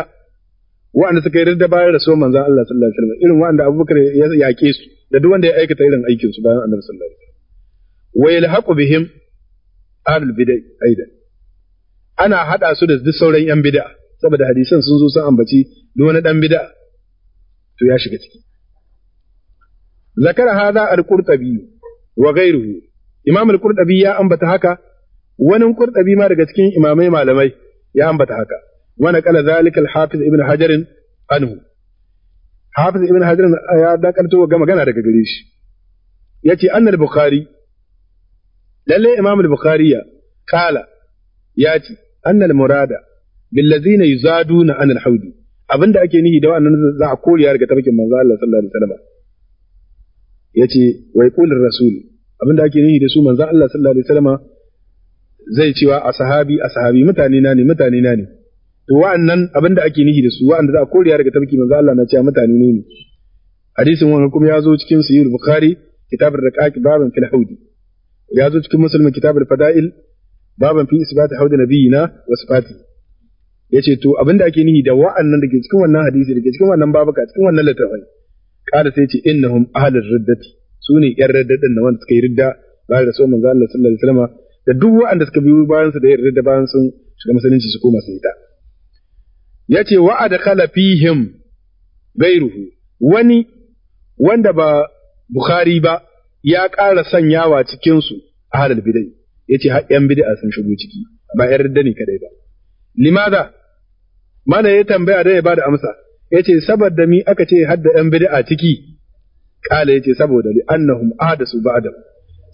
S1: wa'anda suka yi radda bayan rasul manzon Allah sallallahu alaihi wasallam irin wa'anda Abubakar ya yake su da duk wanda ya aikata irin aikin su bayan Annabi sallallahu alaihi wasallam wa yalhaqu bihim ahlul bid'ah aidan ana haɗa su da duk sauran ‘yan bida, saboda hadisan sun zo sun ambaci duk wani ɗan bida, to ya shiga ciki. Zakar hada al-Qurtabi wa gairuhu, Imam al ya ambata haka, wani Qurtabi ma daga cikin imamai malamai ya ambata haka, wani kala zalika al-Hafiz ibn Hajarin anhu. Hafiz ibn Hajarin ya dakarto ga magana daga gare shi. Ya ce annal Bukhari lalle Imam al-Bukhari ya kala ya ce annal murada billazina yuzaduna anil haudi abinda ake nihi da wannan za a koriya daga tafarkin manzo Allah sallallahu alaihi wasallam yace wa yaqulur rasul abinda ake nihi da su manzo Allah sallallahu alaihi zai cewa a sahabi mutane na ne mutane na ne to wa'annan abin da ake nihi da su wa'anda za a koriya daga tafki manzo Allah na cewa mutane ne ne hadisin kuma ya zo cikin sahih bukhari kitabur ya zo cikin fada'il baban fi isbati haudi nabiyina wa sifati yace to abinda ake nihi da wa'annan dake cikin wannan hadisi dake cikin wannan babuka cikin wannan littafin kada sai ce innahum ahlur riddati sune 'yar riddadin da wanda suka yi ridda bayan da somin Allah sallallahu alaihi wasallam da duk wa'anda suka biyo bayan su da 'yar ridda bayan sun shiga musulunci su koma su ita yace wa adkhala fihim gairuhu wani wanda ba Bukhari ba ya ƙara sanyawa cikinsu a halal bidai yace har yan bid'a sun shigo ciki ba yar da ni kadai ba limaza mana ya tambaya da ya bada amsa yace saboda mi aka ce hadda yan bid'a ciki kala yace saboda li annahum ahdasu ba'da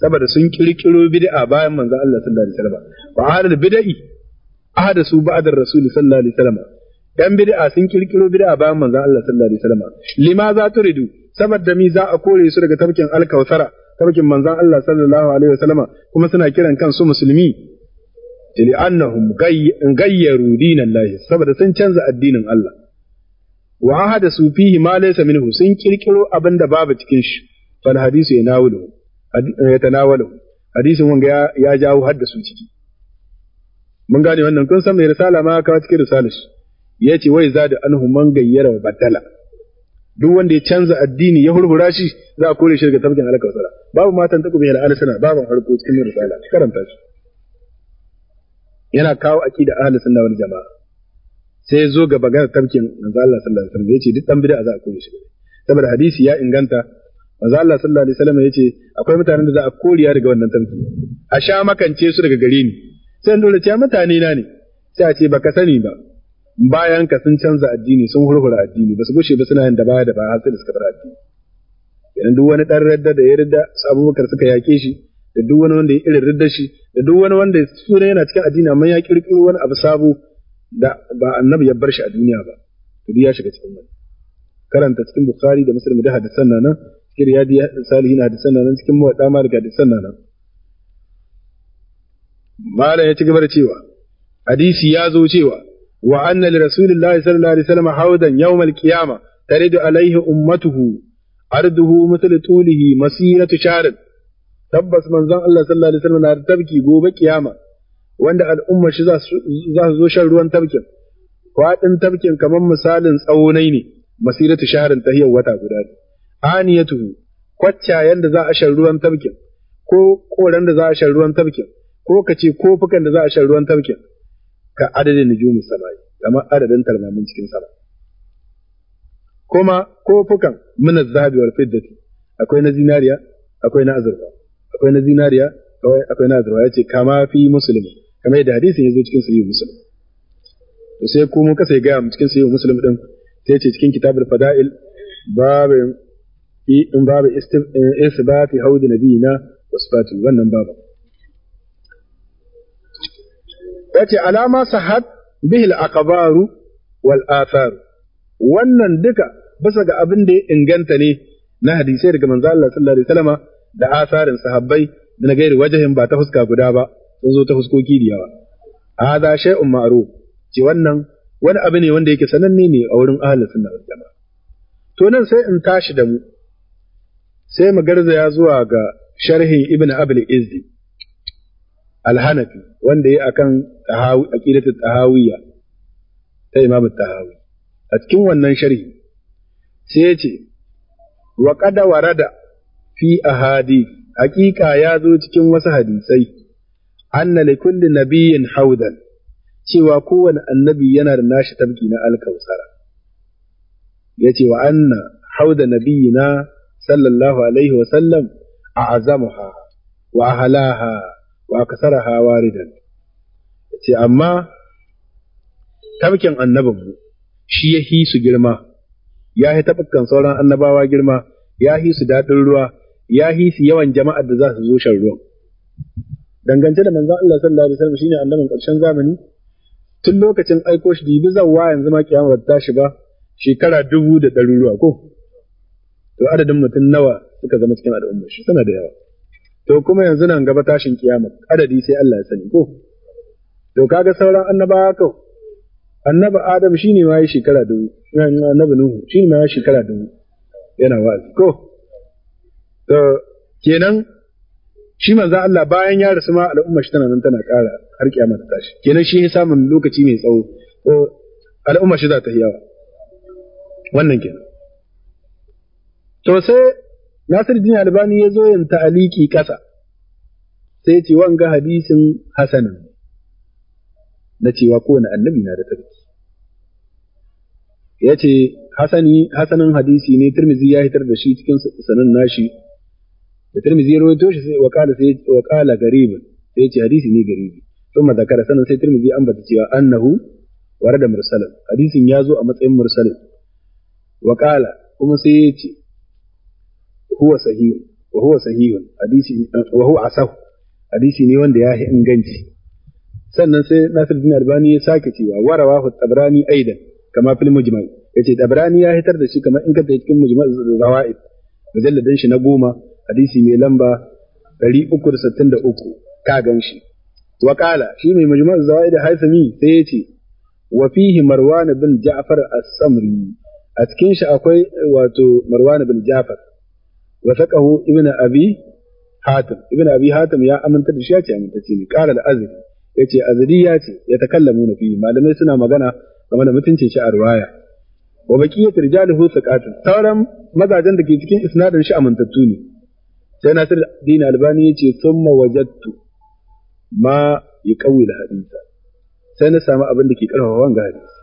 S1: saboda sun kirkiro bid'a bayan manzo Allah sallallahu alaihi wasallam wa ahadul bid'i ahdasu ba'da rasul sallallahu alaihi wasallam dan bid'a sun kirkiro bid'a bayan manzo Allah sallallahu alaihi wasallam limaza turidu saboda mi za a kore su daga tafkin alkausara tarkin manzan Allah sallallahu alaihi wasallama kuma suna kiran kansu musulmi li'annahum gayyaru lahi, saboda sun canza addinin Allah wa ahadasu fihi ma laisa minhu sun kirkiro da babu cikin shi fal hadisu ya eh, tanawalu, hadisin wanga ya jawo haddasu ciki mun gane wannan kun san mai risala ma kawo cikin Salisu. Ya ce wai zadu anhu man gayyara wa badala duk wanda ya canza addini ya hurhura shi za a kore shi daga tafkin alkausara babu matan ta kuma al'ada sana babu harko cikin risala karanta shi yana kawo aqida ahli sunna wal jamaa sai ya zo ga bagana tafkin manzo Allah sallallahu alaihi wasallam yace duk dan bid'a za a kore shi saboda hadisi ya inganta manzo Allah sallallahu alaihi wasallam yace akwai mutanen da za a koriya daga wannan tafki a sha makance su daga gare ni sai dole ce mutane na ne sai a ce baka sani ba bayan ka sun canza addini sun hurhura addini ba su gushe ba suna yin da baya da baya sai da suka bar addini idan duk wani dan radda da ya radda su abubakar suka yake shi da duk wani wanda ya irin radda shi da duk wani wanda suna yana cikin addini amma ya kirkiro wani abu sabo da ba annabi ya bar shi a duniya ba to ya shiga cikin wani karanta cikin bukhari da muslim da hadisan nan cikin riyadi salihin hadisan nan cikin muwadda malik hadisan nan malam ya ci gaba da cewa hadisi ya zo cewa wa anna li rasulillahi sallallahu alaihi wasallam haudan yawmal qiyamah taridu alaihi ummatuhu arduhu mithl tulihi masiratu sharin tabbas manzon Allah sallallahu alaihi wasallam na da tabki gobe kiyama wanda al'umma shi za su zo shan ruwan tabkin kwaɗin tabkin kamar misalin tsawonai ne masiratu ta tahiyar wata guda aniyatuhu kwaccayen da za a shan ruwan tabkin ko koran da za a shan ruwan tabkin ko kace kofukan da za a shan ruwan tabkin ka adadin nujumi sama'i kamar adadin talmamin cikin sama kuma kofukan fukan az-zahabi wal fiddati akwai na zinariya akwai na azurfa akwai na zinariya akwai na azurfa yace kama fi musulmi, kamar yadda hadisin zo cikin sayi musulmi. to sai ko mun sai gaya cikin sayi musulmi din sai ce cikin kitabul fada'il babin in babu eh, isbati haudi nabiyina wasfatu wannan babu yace alama sahad bihil aqbaru wal athar wannan duka bisa ga abin da ya inganta ne na hadisai daga manzo Allah sallallahu alaihi wasallam da asarin sahabbai da na gairi wajahin ba ta fuska guda ba sun zo ta fuskoki da yawa hada shay'un ma'ruf ce wannan wani abu ne wanda yake sananne ne a wurin ahlus sunna wal to nan sai in tashi da mu sai mu garzaya zuwa ga sharhin ibn abul izzi alhanafi wanda ya akan tahawi aqidatu tahawiyya ta imam tahawi a cikin wannan sharhi sai ya ce wa qad warada fi ahadith haqiqa ya zo cikin wasu hadisai anna li kulli nabiyyin haudan cewa kowane annabi yana da nashi tabki na alkausara ya ce wa anna hauda nabiyina sallallahu alaihi sallam a azamuha wa halaha. wa kasara hawaridan ce amma tafkin mu shi ya hi su girma ya hi tafkan sauran annabawa girma ya hi su daɗin ruwa ya hi su yawan jama'ar da za su zo shan ruwan dangance da manzon Allah sallallahu alaihi wasallam shine annabin ƙarshen zamani tun lokacin aiko shi dibi zawwa yanzu ma kiyama ba ta ba shekara dubu da ɗaruruwa ko to adadin mutum nawa suka zama cikin al'umma shi suna da yawa to kuma yanzu nan gaba tashin kiyama adadi sai Allah ya sani ko to kaga sauran annaba ka annaba Adam shine ma yayi shekara dubu annabi Nuhu shine ma yayi shekara dubu yana wa'azi ko to kenan shi manzo Allah bayan ya rasu ma al'umma shi tana nan tana ƙara har kiyama ta tashi kenan shi ya samun lokaci mai tsawo ko al'umma shi za ta yawa wannan kenan to sai Nasir jini albani ya zo yin ta'aliki ƙasa, sai ce wanga hadisin Hassanin na cewa kowane annabi na da tarki. Ya ce, Hassanin hadisi ne, Tirmizi ya hitar da shi cikin sanin nashi, da Tirmizi ya rawaito shi sai wakala sai wakala garibin, sai ce hadisi ne garibi. Sun zakara sanin sai Tirmizi an bata cewa annahu ware da mursalin, hadisin ya zo a matsayin mursalin. Wakala kuma sai ya ce, huwa sahih wa hadisi ne wanda ya yi inganci sannan sai Nasiruddin Albani ya sake cewa wa rawahu aidan kama fil mujmal yace Tabrani ya hitar da shi kamar in ka tafi cikin mujmal na goma hadisi mai lamba 363 ka gan shi wa qala shi mai mujmal zawaid haisami sai yace wa fihi Marwan bin Ja'far as-Samri a cikin shi akwai wato Marwana bin Ja'far wasaqahu ibnu abi hatim ibnu abi hatim ya aminta da shi ya ce amintacce ne qala yace azri ya ce ya takallamu na malamai suna magana game da mutuncin shi a riwaya wa baqiyatu rijaluhu thiqatun sauran mazajen da ke cikin isnadin shi amintattu ne sai nasir din albani yace thumma wajadtu ma yuqawwil haditha sai na samu abin da ke karfafa wanga hadisi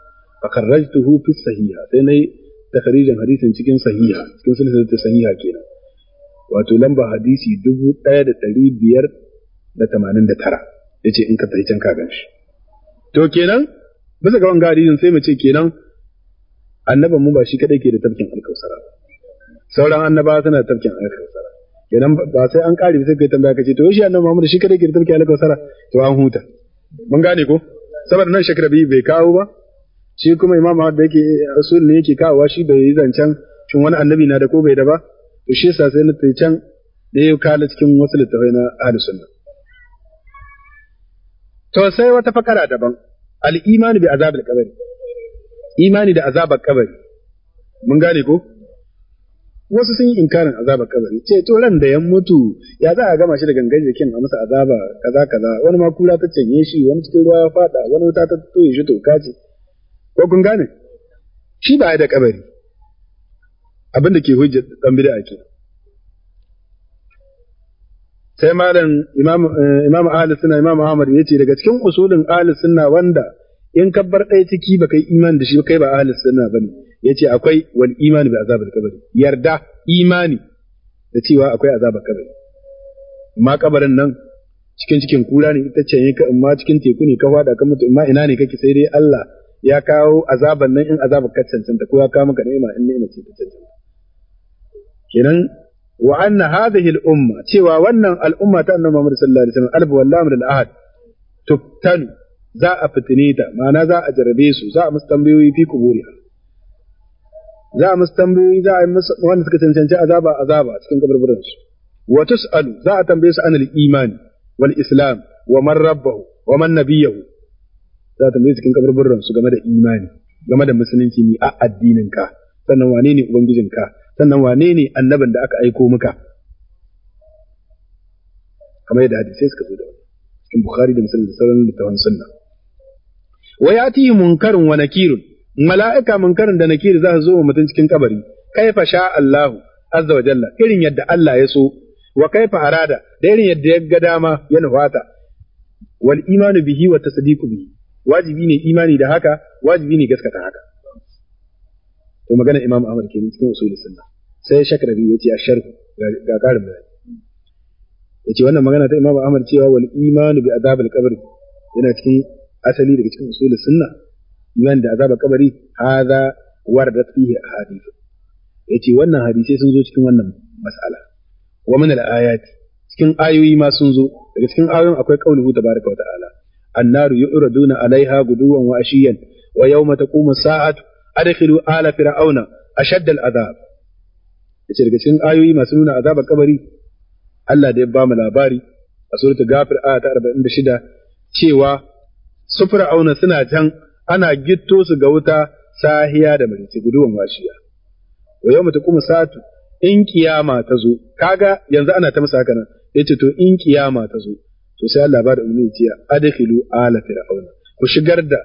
S1: fa kharrajtuhu fi sahiha sai yi takhrijin hadisin cikin sahiha cikin silsilar sahiha kenan wato lamba hadisi dubu ɗaya da ɗari biyar da tamanin da tara ya ce in ka tafi can ka gan shi. To kenan bisa ga wanga hadisin sai mu ce kenan annaban mu ba shi kaɗai ke da tafkin alkausara sauran annabawa suna da tafkin alkausara kenan ba sai an ƙare sai kai tambaya ka ce to shi annabi Muhammad shi kaɗai ke da tafkin alkausara to an huta mun gane ko saboda nan bi bai kawo ba shi kuma imam Ahmad da yake rasul ne yake kawo shi bai yi zancen shin wani annabi na da ko bai da ba to shi yasa sai na tai can da ya kala cikin wasu littafai na ahli nan. to sai wata fakara daban al’imani imani bi azabil qabri imani da azabar kabari mun gane ko wasu sun yi inkarin azabar kabari ce to ran da 'yan mutu ya za a gama shi da gangan jikin a masa azaba kaza kaza wani ma kura ta canye shi wani cikin ruwa ya fada wani wuta ta toye shi toka ce ko kun gane shi ba yi da kabari abinda ke hujja dan bid'a ke sai malam imam eh, imam ahli sunna imam ahmad yace daga cikin usulin ahli sunna wanda in kabbar ɗaya ciki ba kai imani da shi kai ba ahli sunna bane yace akwai wal imani bi azabil kabari yarda imani da cewa akwai azabar kabari amma kabarin nan cikin cikin kura ne ita ce ka amma cikin teku ne ka fada ka mutu amma ina ne kake sai dai Allah ya kawo azaban nan in azabar ka cancanta ko ya kawo maka ni'ima in ni'ima ce ta cancanta kenan wa anna hadhihi al-umma cewa wannan al'umma ta annabi Muhammad sallallahu alaihi wasallam albu wallahu min al-ahad tuktanu za a fitine ta ma'ana za a jarabe su za a musu tambayoyi fi kuburiha za a musu tambayoyi za a musu wanda suka cancanci azaba azaba cikin kaburburan su wa tusalu za a tambaye su an al-imani wal islam wa man rabbahu wa man nabiyahu za a tambaye cikin kaburburan su game da imani game da musulunci ni a addinin ka sannan wane ne ubangijinka sannan wane ne annabin da aka aiko muka? kamar yadda hadisai suka zo da wani cikin bukhari da muslim da sauran littafan sunna wa yatihi munkarun wa nakirun mala'ika munkarin da nakiri za su zo wa mutum cikin kabari kaifa sha Allahu azza wa jalla irin yadda Allah ya so wa kaifa arada da irin yadda ya ga dama ya nufata wal imanu bihi wa tasdiqu bihi wajibi ne imani da haka wajibi ne gaskata haka to magana Imam Ahmad kenan cikin usulul sunna sai Shakrabi yace a sharh ga karin bayani yace wannan magana ta Imam Ahmad cewa wal imanu bi azabil qabr yana cikin asali daga cikin usulul sunna iman da azabul qabri hadha waradat fihi ahadith yace wannan hadisi sun zo cikin wannan mas'ala wa min al ayat cikin ayoyi ma sun zo daga cikin ayoyin akwai qauluhu tabaraka wa ta'ala annaru yu'raduna alaiha guduwan wa ashiyan wa yawma taqumu as-sa'atu adkhilu ala fir'auna ashadd al'azab yace daga cikin ayoyi masu nuna azabar kabari Allah da ya ba mu labari a suratul ghafir aya ta 46 cewa su fir'auna suna can ana gitto su ga wuta sahiya da mace guduwan washiya wa yawma taqumu sa'atu in kiyama ta zo kaga yanzu ana ta musu haka nan yace to in kiyama ta zo to sai Allah ba da umarni ce adkhilu ala fir'auna ku shigar da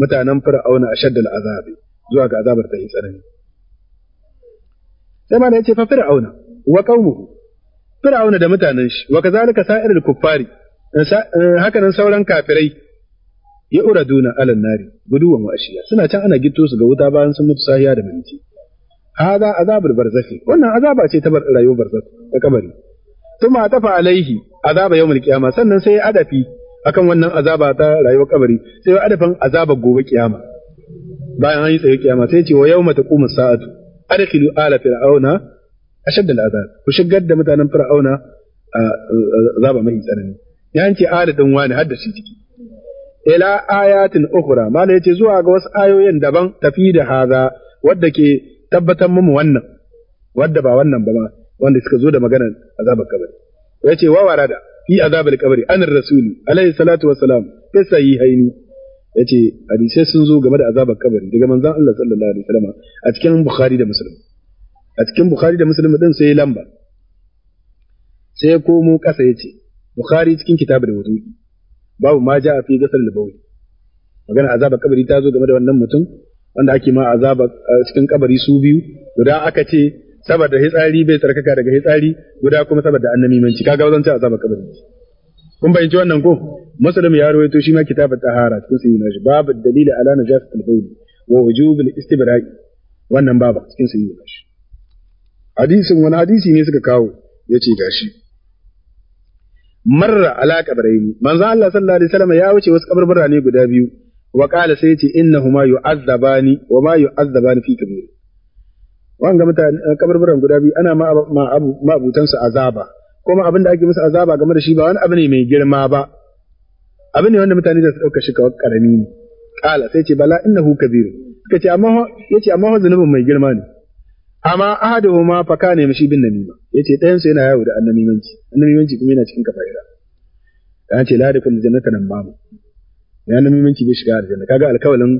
S1: mutanen fir'auna ashaddal azabi zuwa ga azabar ta yi tsanani sai ma da yace fa fir'auna wa qaumuhu fir'auna da mutanen shi wa kazalika sa'irul kuffari eh, eh, haka nan sauran kafirai ya uraduna alan nari guduwan wa ashiya suna can ana gitto su ga wuta bayan sun mutu sahiya da minti hada azabul barzakhi wannan azaba ce ta rayuwar barzakh da kabari tuma tafa alaihi azaba yawmul qiyama sannan sai ya adafi akan wannan azaba ta rayuwar kabari sai ya adafin azaba gobe kiyama bayan an yi tsaye kiyama sai ce wa mata kuma sa'atu adkhilu ala fir'auna ashad al'azab ku shigar da mutanen fir'auna zaba mai tsanani ya ce ala dan wani hadda shi ciki ila ayatin ukhra malai yace zuwa ga wasu ayoyin daban tafi da haza wadda ke tabbatar mu wannan wadda ba wannan ba ma wanda suka zo da magana azabar kabari yace wa warada fi azabar kabari anar rasuli Alayhi salatu wassalam fi sahihaini yace hadisai sun zo game da azabar kabari daga manzon Allah sallallahu alaihi wasallam a cikin Bukhari da Muslim a cikin Bukhari da Muslim din sai lamba sai ya komo kasa yace Bukhari cikin kitabul wudu babu ma ja'a fi gasal al magana azabar kabari ta zo game da wannan mutum wanda ake ma azaba cikin kabari su biyu guda aka ce saboda hitsari bai tsarkaka daga hitsari guda kuma saboda annamimanci kaga wazan ce azabar kabari kun bayyance wannan ko musulmi ya rawaito shi ma kitabat tahara cikin sayyidina shi babu dalili ala najas al-bawl wa wujub al-istibra'i wannan babu cikin sayyidina shi hadisin wani hadisi ne suka kawo yace gashi marra ala qabrayni manzo Allah sallallahu alaihi wasallam ya wuce wasu kaburbura ne guda biyu wa qala sai yace innahuma yu'azzabani wa ma yu'azzabani fi kabir ga mutane kaburburan guda biyu ana ma ma abutansu azaba kuma abin da ake musu azaba game da shi ba wani abu ne mai girma ba abu ne wanda mutane za su ɗauka shi kawai karami ne kala sai ce bala innahu kabiru suka ce amma yace amma zunubin mai girma ne amma ma fa kana mishi bin namima yace ce ɗayansu yana yawo da annamimanci annamimanci kuma yana cikin kafaira dan ce la da jannata nan ba mu ya annamimanci bai shiga aljanna kaga alkawalin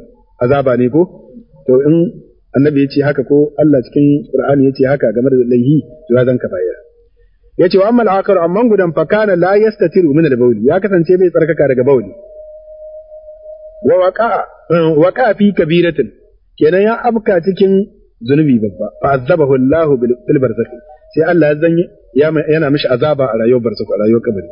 S1: azaba ne ko to in annabi yace haka ko Allah cikin Qur'ani yace haka game da laihi to ya zan kafaira yace wa amma al-akharu gudan fa kana la yastatiru min al-bawl ya kasance bai tsarkaka daga bawli wa waqa fi kabiratin kenan ya afka cikin zunubi babba fa azabahu Allah bil barzakh sai Allah ya zanyi yana mishi azaba a rayuwar barzakh a rayuwar kabari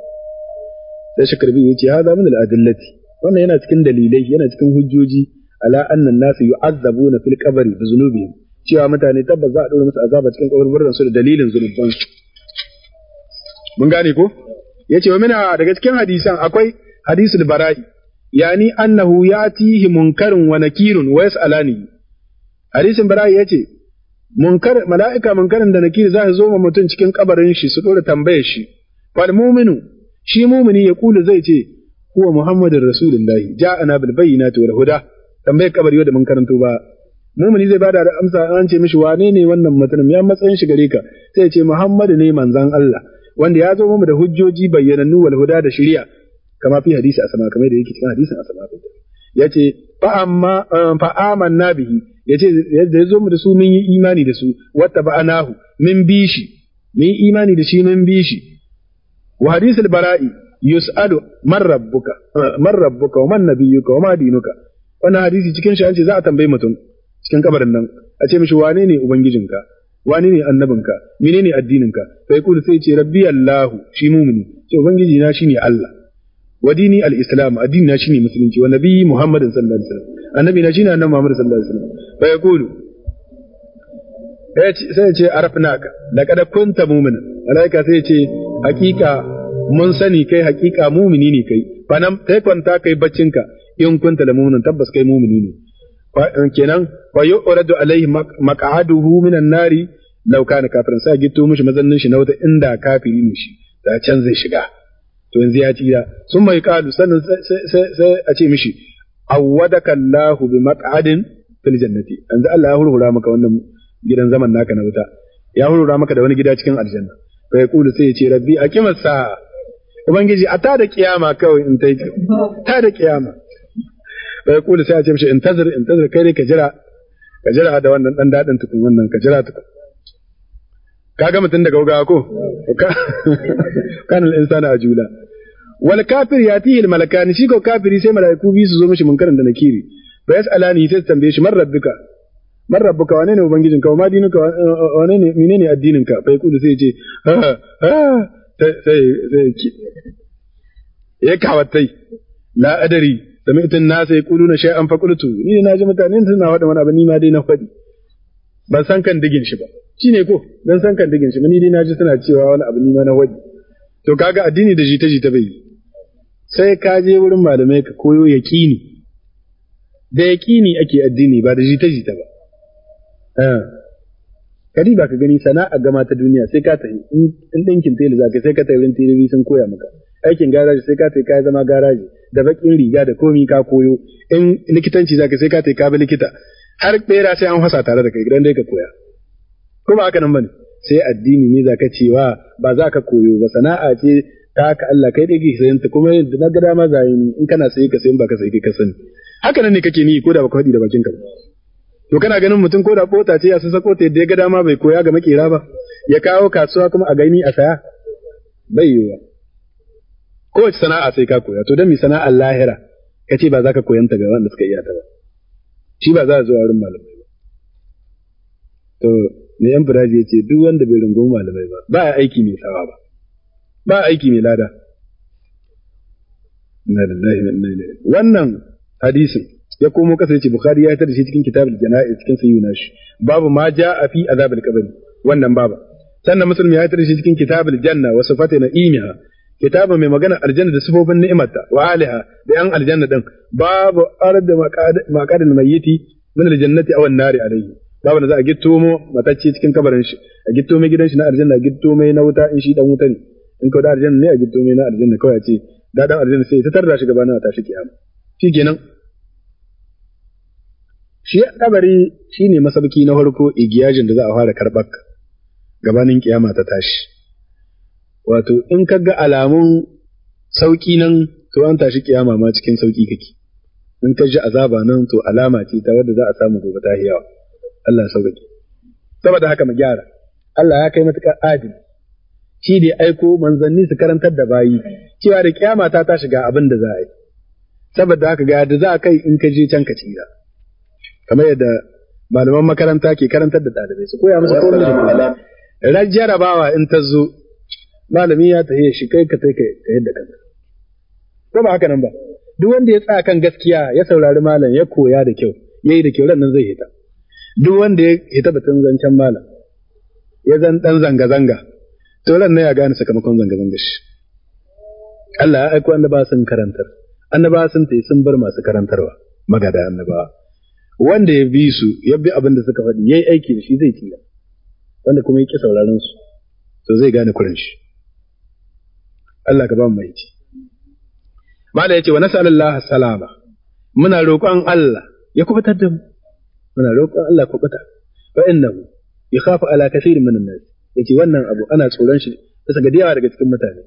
S1: sai ya ce hada min al-adillati wannan yana cikin dalilai yana cikin hujjoji ala annan nasu yu'azzabuna fil kabari bi zunubihim cewa mutane tabbas za a dora musu azaba cikin kaburburan su da dalilin zunubansu mun gane ko yace wa mina daga cikin hadisan akwai hadisul bara'i yani annahu yatihi munkarun wa nakirun wa yasalani hadisin bara'i yace munkar mala'ika munkarin da nakir za su zo mutum cikin kabarin shi su dora tambayar shi fal mu'minu shi mu'mini ya kula zai ce huwa muhammadur rasulullahi ja'ana bil bayyinati wal huda tambayar kabari wanda mun karanto ba mumuni zai bada da amsa an ce mishi wane ne wannan mutum ya matsayin shi gare ka sai ce Muhammadu ne manzon Allah wanda ya zo mu da hujjoji bayyanannu wal huda da shari'a kama fi hadisi asama kamar da yake cikin hadisin asama yace fa amma eh, fa amanna bihi yace da ya zo mu da su mun yi imani da su wata anahu min bishi mun yi imani da shi mun bishi wa hadisul bara'i yus'alu man rabbuka eh, man rabbuka wa man nabiyyuka wa ma dinuka wannan hadisi cikin shi an ce za a tambayi mutum cikin kabarin nan a ce mishi wane ne ubangijinka wani ne annabinka menene addininka sai kun sai ce rabbi allah shi mumini ce ubangiji na shine allah wa dini al-islam addini na shine musulunci wa nabiyyi muhammadin sallallahu alaihi wasallam annabi na shine annabi muhammad sallallahu alaihi wasallam fa yaqulu sai ya ce arafnaka laqad kunta mu'mina malaika sai ya ce hakika mun sani kai hakika mumini ne kai fa nan sai kwanta kai baccinka in kunta da mu'minin tabbas kai mumini ne Eh, kenan fa yu'radu alaihi maq'aduhu minan nari law kana kafirin sai gitto mishi mazannin shi na wata inda kafiri ne shi da can zai shiga to yanzu ya ci da sun mai kalu sannan sai a ce mishi awwadaka Allahu bi maq'adin fil jannati yanzu Allah ya hurhura maka wannan gidan zaman naka na wuta ya hurhura maka da wani gida cikin aljanna fa yaqulu sai ya ce rabbi aqimas ubangiji a ta da kiyama kawai in ta da kiyama ya kula sai a ce mishi intazir intazir kai ne ka jira ka jira da wannan dan dadin tukun wannan ka jira tukun kaga mutun da gauga ko (laughs) kana al-insana ajula wal kafir yatihi al-malakan shi ko kafiri sai malaiku bi su zo mishi munkarin da nakiri fa yasalani sai tambaye shi man rabbuka man rabbuka wane ne ubangijinka wa madinuka wane ne menene addininka fa yaqulu sai ya ce sai sai ya kawatai la adari sami'tu an-nasa yaquluna shay'an fa qultu ni na ji mutane suna faɗa wani abu ni ma dai na faɗi ban san kan digin shi ba ne ko dan san kan digin shi ba ni dai na ji suna cewa wani abu ni ma na faɗi to kaga addini da jita jita bai sai ka je wurin malamai ka koyo yaqini da yaqini ake addini ba da jita jita ba eh. kadi ba ka gani sana'a gama ta duniya sai ka tafi in dinkin tele za ka sai ka tafi wurin tele sun koya maka aikin garaji sai ka tafi ka zama garaji da bakin riga da komi ka koyo in likitanci zaka sai ka tai ka bi likita har bera sai an hasa tare da kai gidan dai ka koya kuma haka nan bane sai addini ne zaka cewa ba za ka koyo ba sana'a ce ta haka Allah kai dai sayan ta kuma yin da ga dama zai ni in kana sai ka sayan ba ka sai ka sani haka nan ne kake ni ko da baka faɗi da bakin ka to kana ganin mutum ko da kota ce ya san sako ta yadda ya ga dama bai koya ga makera ba ya kawo kasuwa kuma a gani a saya bai yiwuwa kowace sana'a sai ka koya to dan mi sana'ar lahira kace ba za ka koyanta ga wanda suka iya ta ba shi ba za a zo a wurin malamai ba to ne yan buraji ya ce duk wanda bai rungun malamai ba ba ya aiki mai tsawa ba ba aiki mai lada na wannan hadisin ya komo kasa yace bukhari ya tada shi cikin kitabul janaiz cikin sayyu shi babu ma jaa fi azabul qabr wannan baba sannan musulmi ya tada shi cikin kitabul janna wa sifatina imiha kitaba mai magana aljanna da sifofin ni'imarta wa aliha da yan aljanna din babu arda maqadil mayyiti min aljannati aw an-nari alayhi babu da za a gitto mu matacce cikin kabarin shi a gitto mai gidan shi na aljanna a gitto mai na wuta in shi dan wuta ne in kawai da aljanna ne a gitto mai na aljanna kawai a ce da dan aljanna sai ta tarda shi gabanin a tashi kiyama kenan shi kabari shine masabki na farko igiyajin da za a fara karbar gabanin kiyama ta tashi wato in ka ga alamun sauƙi nan to an tashi kiyama ma cikin sauƙi kake in ka ji azaba nan to alama ce ta wadda za a samu gobe ta hiyawa. Allah sauƙi saboda haka mu gyara Allah ya kai matuƙar adil shi da aiko manzanni su karantar da bayi cewa da kiyama ta tashi shiga abin da za a yi saboda haka ga da za a kai in ka je can ka tsira kamar yadda malaman makaranta ke karantar da ɗalibai su koya musu komai da rajjarabawa jarabawa in ta zo malami ya tahi shi kai ka kai ka yadda kanka ko ba haka nan ba duk wanda ya tsaya kan gaskiya ya saurari malam ya koya da kyau ya yi da kyau nan zai hita duk wanda ya hita batun zancen malam ya zan dan zanga zanga to ran ya gane sakamakon zanga zanga shi Allah ya aiko annaba sun karantar annaba sun tayi sun bar masu karantarwa magada annaba wanda ya bi su ya bi abin da suka faɗi yayi aiki da shi zai tilla wanda kuma ya ki sauraron su to zai gane kuran shi Allah ka ba mu mai Mala ya ce wa nas'alullah salama muna roƙon Allah ya kubutar da mu muna roƙon Allah kubuta fa ya kafa ala kathirin min an ya ce wannan abu ana tsoron shi ta sanga diyawa daga cikin mutane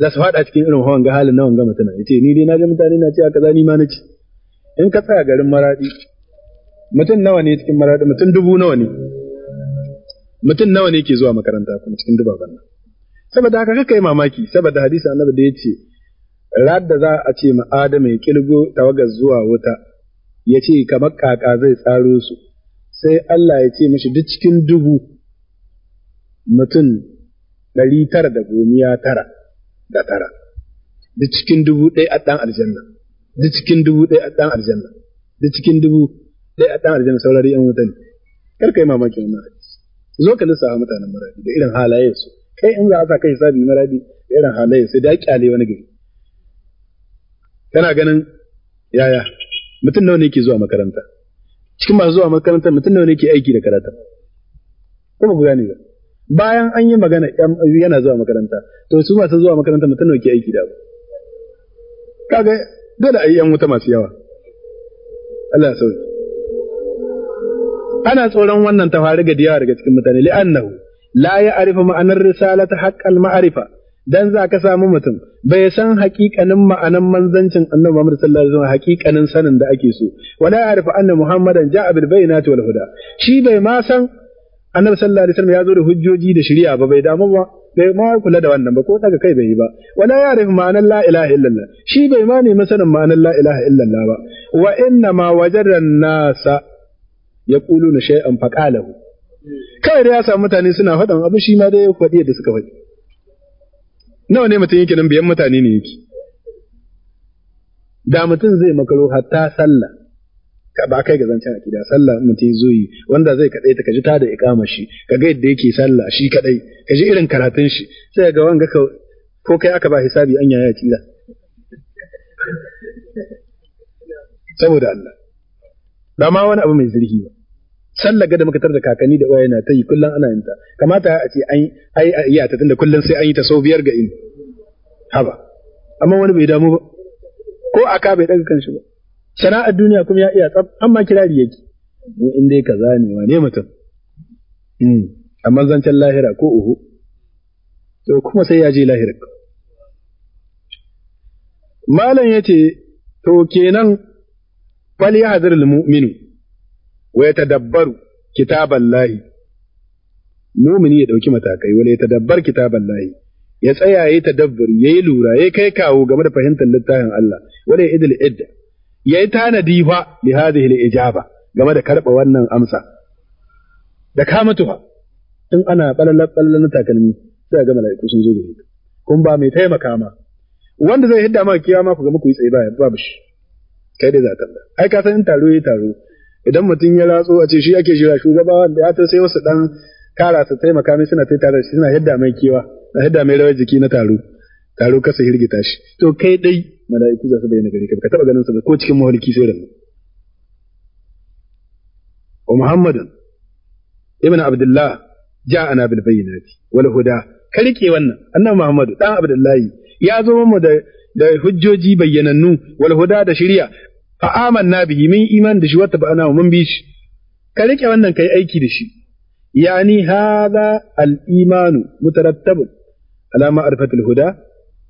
S1: za su faɗa cikin irin hawan ga halin na wanga mutane ya ce ni dai na ga mutane na ce kaza ni ma na ci in ka tsaya garin maraɗi mutum nawa ne cikin maraɗi mutum dubu nawa ne mutum nawa ne ke zuwa makaranta kuma cikin dubaban nan saboda haka kai mamaki saboda hadisi annabi da yace radda za a ce ma Adamu ya kilgo tawagar zuwa wuta ya ce kamar kaka zai tsaro su sai Allah ya ce mishi duk cikin dubu mutum ɗari tara da gomiya tara da tara duk cikin dubu ɗaya a ɗan aljanna duk cikin dubu ɗaya a ɗan aljanna duk cikin dubu ɗaya a ɗan aljanna saurari yan wuta ne kar kai mamakin wannan hadisi zo ka lissafa mutanen maradi da irin halayen su kai in za a sa kai sabi maradi irin halayya sai da kyale wani gari kana ganin yaya mutum nawa ne ke zuwa makaranta cikin masu zuwa makaranta mutum nawa ne ke aiki da karatu ba ku gane ba bayan an yi magana yana zuwa makaranta to su masu zuwa makaranta mutum nawa ke aiki da ba kaga dole a yi yan wuta masu yawa Allah sauki ana tsoron wannan ta faru ga diyawa daga cikin mutane li'annahu la ya arifa ma'anar risalata haqqal ma'arifa dan za ka samu mutum bai san haƙiƙanin ma'anan manzancin annabi Muhammad sallallahu alaihi wasallam haƙiƙanin sanin da ake so wala ya arifa anna Muhammadan ja'a bil bayyinati wal huda shi bai ma san annabi sallallahu alaihi wasallam ya zo da hujjoji da shari'a ba bai damu ba bai ma kula da wannan ba ko daga kai bai yi ba wala ya rufe ma'anar la ilaha illallah shi bai ma nemi sanin ma'anar la ilaha illallah ba wa inna ma wajadan nasa yaquluna shay'an faqalahu kawai dai ya samu mutane suna faɗan abin shi ma dai ya faɗi yadda suka faɗi nawa ne mutum yake nan biyan mutane ne yake da mutum zai makaro hatta sallah ba kai ga zancen da sallah mutum zo yi wanda zai kadai ta kaji ta da ikama shi ka ga yadda yake sallah shi kadai ka ji irin karatun shi sai ga wanga ka ko kai aka ba hisabi an yaya kila saboda Allah ba ma wani abu mai zirgi ba sallaga da muka da kakanni da uwaye na ta yi kullum ana yin ta kamata a ce an ai a iya ta tunda kullum sai an yi ta sau biyar ga in haba amma wani bai damu ba ko aka bai daga kanshi ba sana'ar duniya kuma ya iya tsaf amma kirari yake mu in dai kaza ne wane mutum mm amma zancen lahira ko uhu to kuma sai ya je lahira malam yace to kenan fal yahzarul mu'minu wa ya tadabbaru kitaban lahi mumini ya ɗauki matakai wala ya tadabbar kitaban lahi ya tsaya ya tadabburi ya yi lura ya kai kawo game da fahimtar littafin Allah wala ya idil idda ya yi tanadi fa li hadhihi ijaba game da karɓa wannan amsa da kamatuwa in ana balalar balalar takalmi sai ga mala'iku sun zo da ka kun ba mai taimaka ma wanda zai hidda maka kiyama ku ga muku yi tsaye ba ba shi kai dai za ta ai ka san in taro yi taro idan mutum ya ratso a ce shi ake jira shugaba wanda ya ta sai wasu dan kara su taimaka mai suna tai tare shi suna yadda mai kewa na yadda mai rawar jiki na taro taro kasa hirgita shi to kai dai mala'iku za su bayyana gare ka ka taba ganin su ko cikin mahaliki sai ran wa muhammadun ibn abdullah ja'ana bil bayyinati wal huda ka rike wannan annabi muhammadu dan abdullahi ya zo mu da da hujjoji bayyanannu wal huda da shari'a fa amanna bihi min iman da shi wata ba'ana mun bi shi ka rike wannan kai aiki da shi yani hadha al-iman mutarattab ala ma'rifat al-huda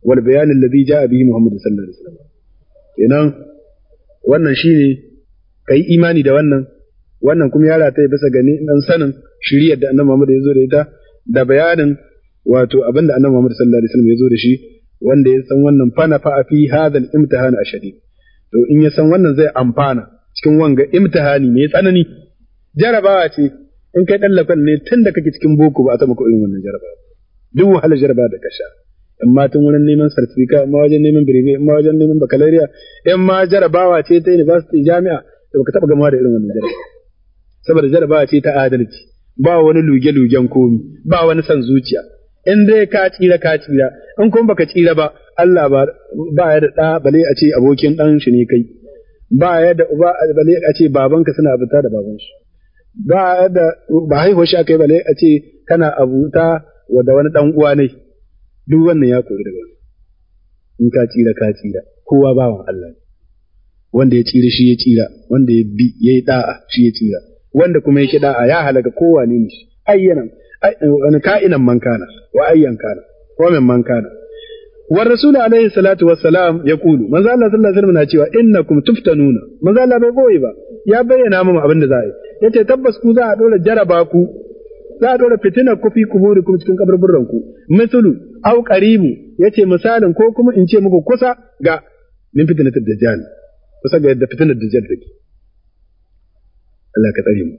S1: wal bayan alladhi ja'a bihi Muhammad sallallahu alaihi wasallam kenan wannan shine kai imani da wannan wannan kuma yara ta bisa gani dan sanin shiriyar da annabi Muhammad ya zo da ita da bayanin wato abin da annabi Muhammad sallallahu alaihi wasallam ya zo da shi wanda ya san wannan fa na fa fi hadha al-imtihan ashadid to in ya san wannan zai amfana cikin wanga imtihani mai tsanani jarabawa ce in kai lafan ne tun da kake cikin boko ba a taɓa koyon wannan jarabawa duk wahala jaraba da ka sha in ma tun wurin neman sartifika in ma wajen neman birbe in ma wajen neman bakalariya in ma jarabawa ce ta university jami'a da baka taɓa gama da irin wannan jarabawa saboda jarabawa ce ta adalci ba wani luge-lugen komi ba wani san zuciya in dai ka tsira ka tsira in kuma baka tsira ba Allah ba ya da ɗa bale a ce abokin ɗan shi ne kai, ba ya da uba bale a ce babanka suna abuta da baban shi, ba ya da ba haihuwa shi aka yi bale a ce kana abuta wa da wani ɗan uwa ne, duk wannan ya kori daga wani. In ka tsira ka tsira, kowa ba wa Allah ne. Wanda ya tsira shi ya tsira, wanda ya bi ya yi ɗa'a shi ya tsira, wanda kuma ya ki ɗa'a ya halaga kowa ne ne shi, ayyanan, ka'inan man kana, wa ayyan kana, wa mai man kana. wa rasul alaihi salatu wa salam ya kulu manzo Allah sallallahu alaihi wasallam na cewa innakum tuftanuna manzo Allah bai boye ba ya bayyana mu abin da za a yi yace tabbas ku za a dora jaraba ku za a dora fitina ku fi ku cikin kaburburan ku misalu au qaribu yace misalin ko kuma in ce muku kusa ga min fitnatul dajjal kusa ga yadda fitinar dajjal take Allah ka tsare mu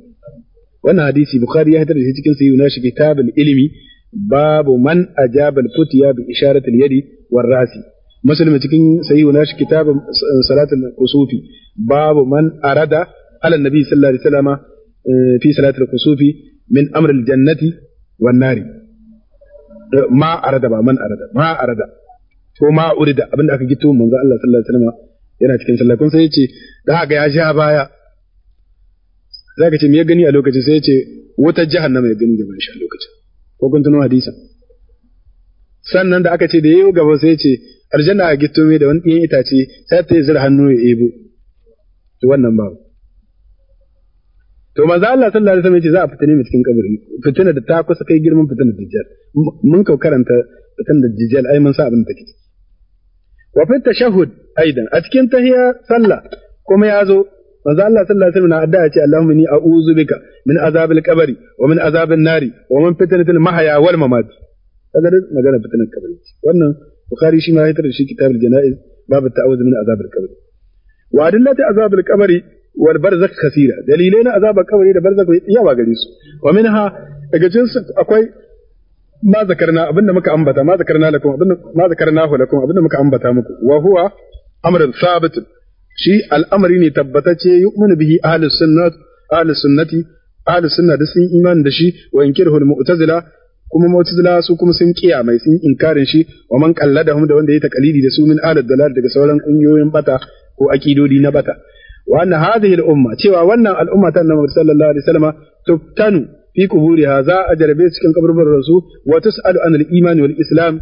S1: wannan hadisi bukhari ya hadar da shi cikin sahihu nashi kitabul ilmi babu man ajaba al-futiya bi isharatil yadi war rafi muslim cikin sahihu nashi kitabun salatul kusufi babu man arada ala nabi sallallahu fi salatul kusufi min amr jannati wan ma arada ba man arada ma arada ko ma urida abinda aka gito manzo Allah sallallahu yana cikin sallah kun sai yace da haka ya sha baya zaka ce me ya gani a lokacin sai yace wutar jahannama ya gani gaban shi a lokacin ko kun tuno sannan da aka ce da yayi gaba sai ce arjanna a gito da wani ɗiyan itace sai ta yi zira hannu ya ebo to wannan ba to manzo Allah sallallahu alaihi wasallam ya ce za a fitine mu cikin kabari fitina da ta kusa kai girman da dajjal mun kau karanta fitinar dajjal ai mun sa abin da take wa fita shahud aidan a cikin tahiyya sallah kuma ya zo manzo Allah sallallahu alaihi wasallam na addu'a ce Allahumma ni a'udhu bika min azabil qabri wa min azabin nari wa min fitnatil mahya wal mamati kaga dai magana fitinan kabari wannan bukhari shi ma ya da shi kitabul janaiz babu ta'awuz min azabil kabari wa adillati azabil kabari wal barzakh kaseera dalilai na azabar kabari da barzakh gare su wa minha daga jinsu akwai ma zakarna abinda muka ambata ma zakarna lakum abinda ma zakarna hu lakum abinda muka ambata muku wa huwa amrun shi al'amari ne tabbatacce yu'minu bihi ahlus sunnah ahlus sunnati ahlus sunna da sun imani da shi wa yankirhu al mu'tazila kuma mu'tazila su kuma sun kiya mai sun inkarin shi wa man qalladahum da wanda ya taqalidi da su min alad dalal daga sauran kungiyoyin bata ko akidodi na bata wa anna hadhihi al umma cewa wannan al umma ta annabi sallallahu alaihi wasallam tuftanu fi kuburiha za a jarabe cikin kaburburan su wa tus'alu an al iman wal islam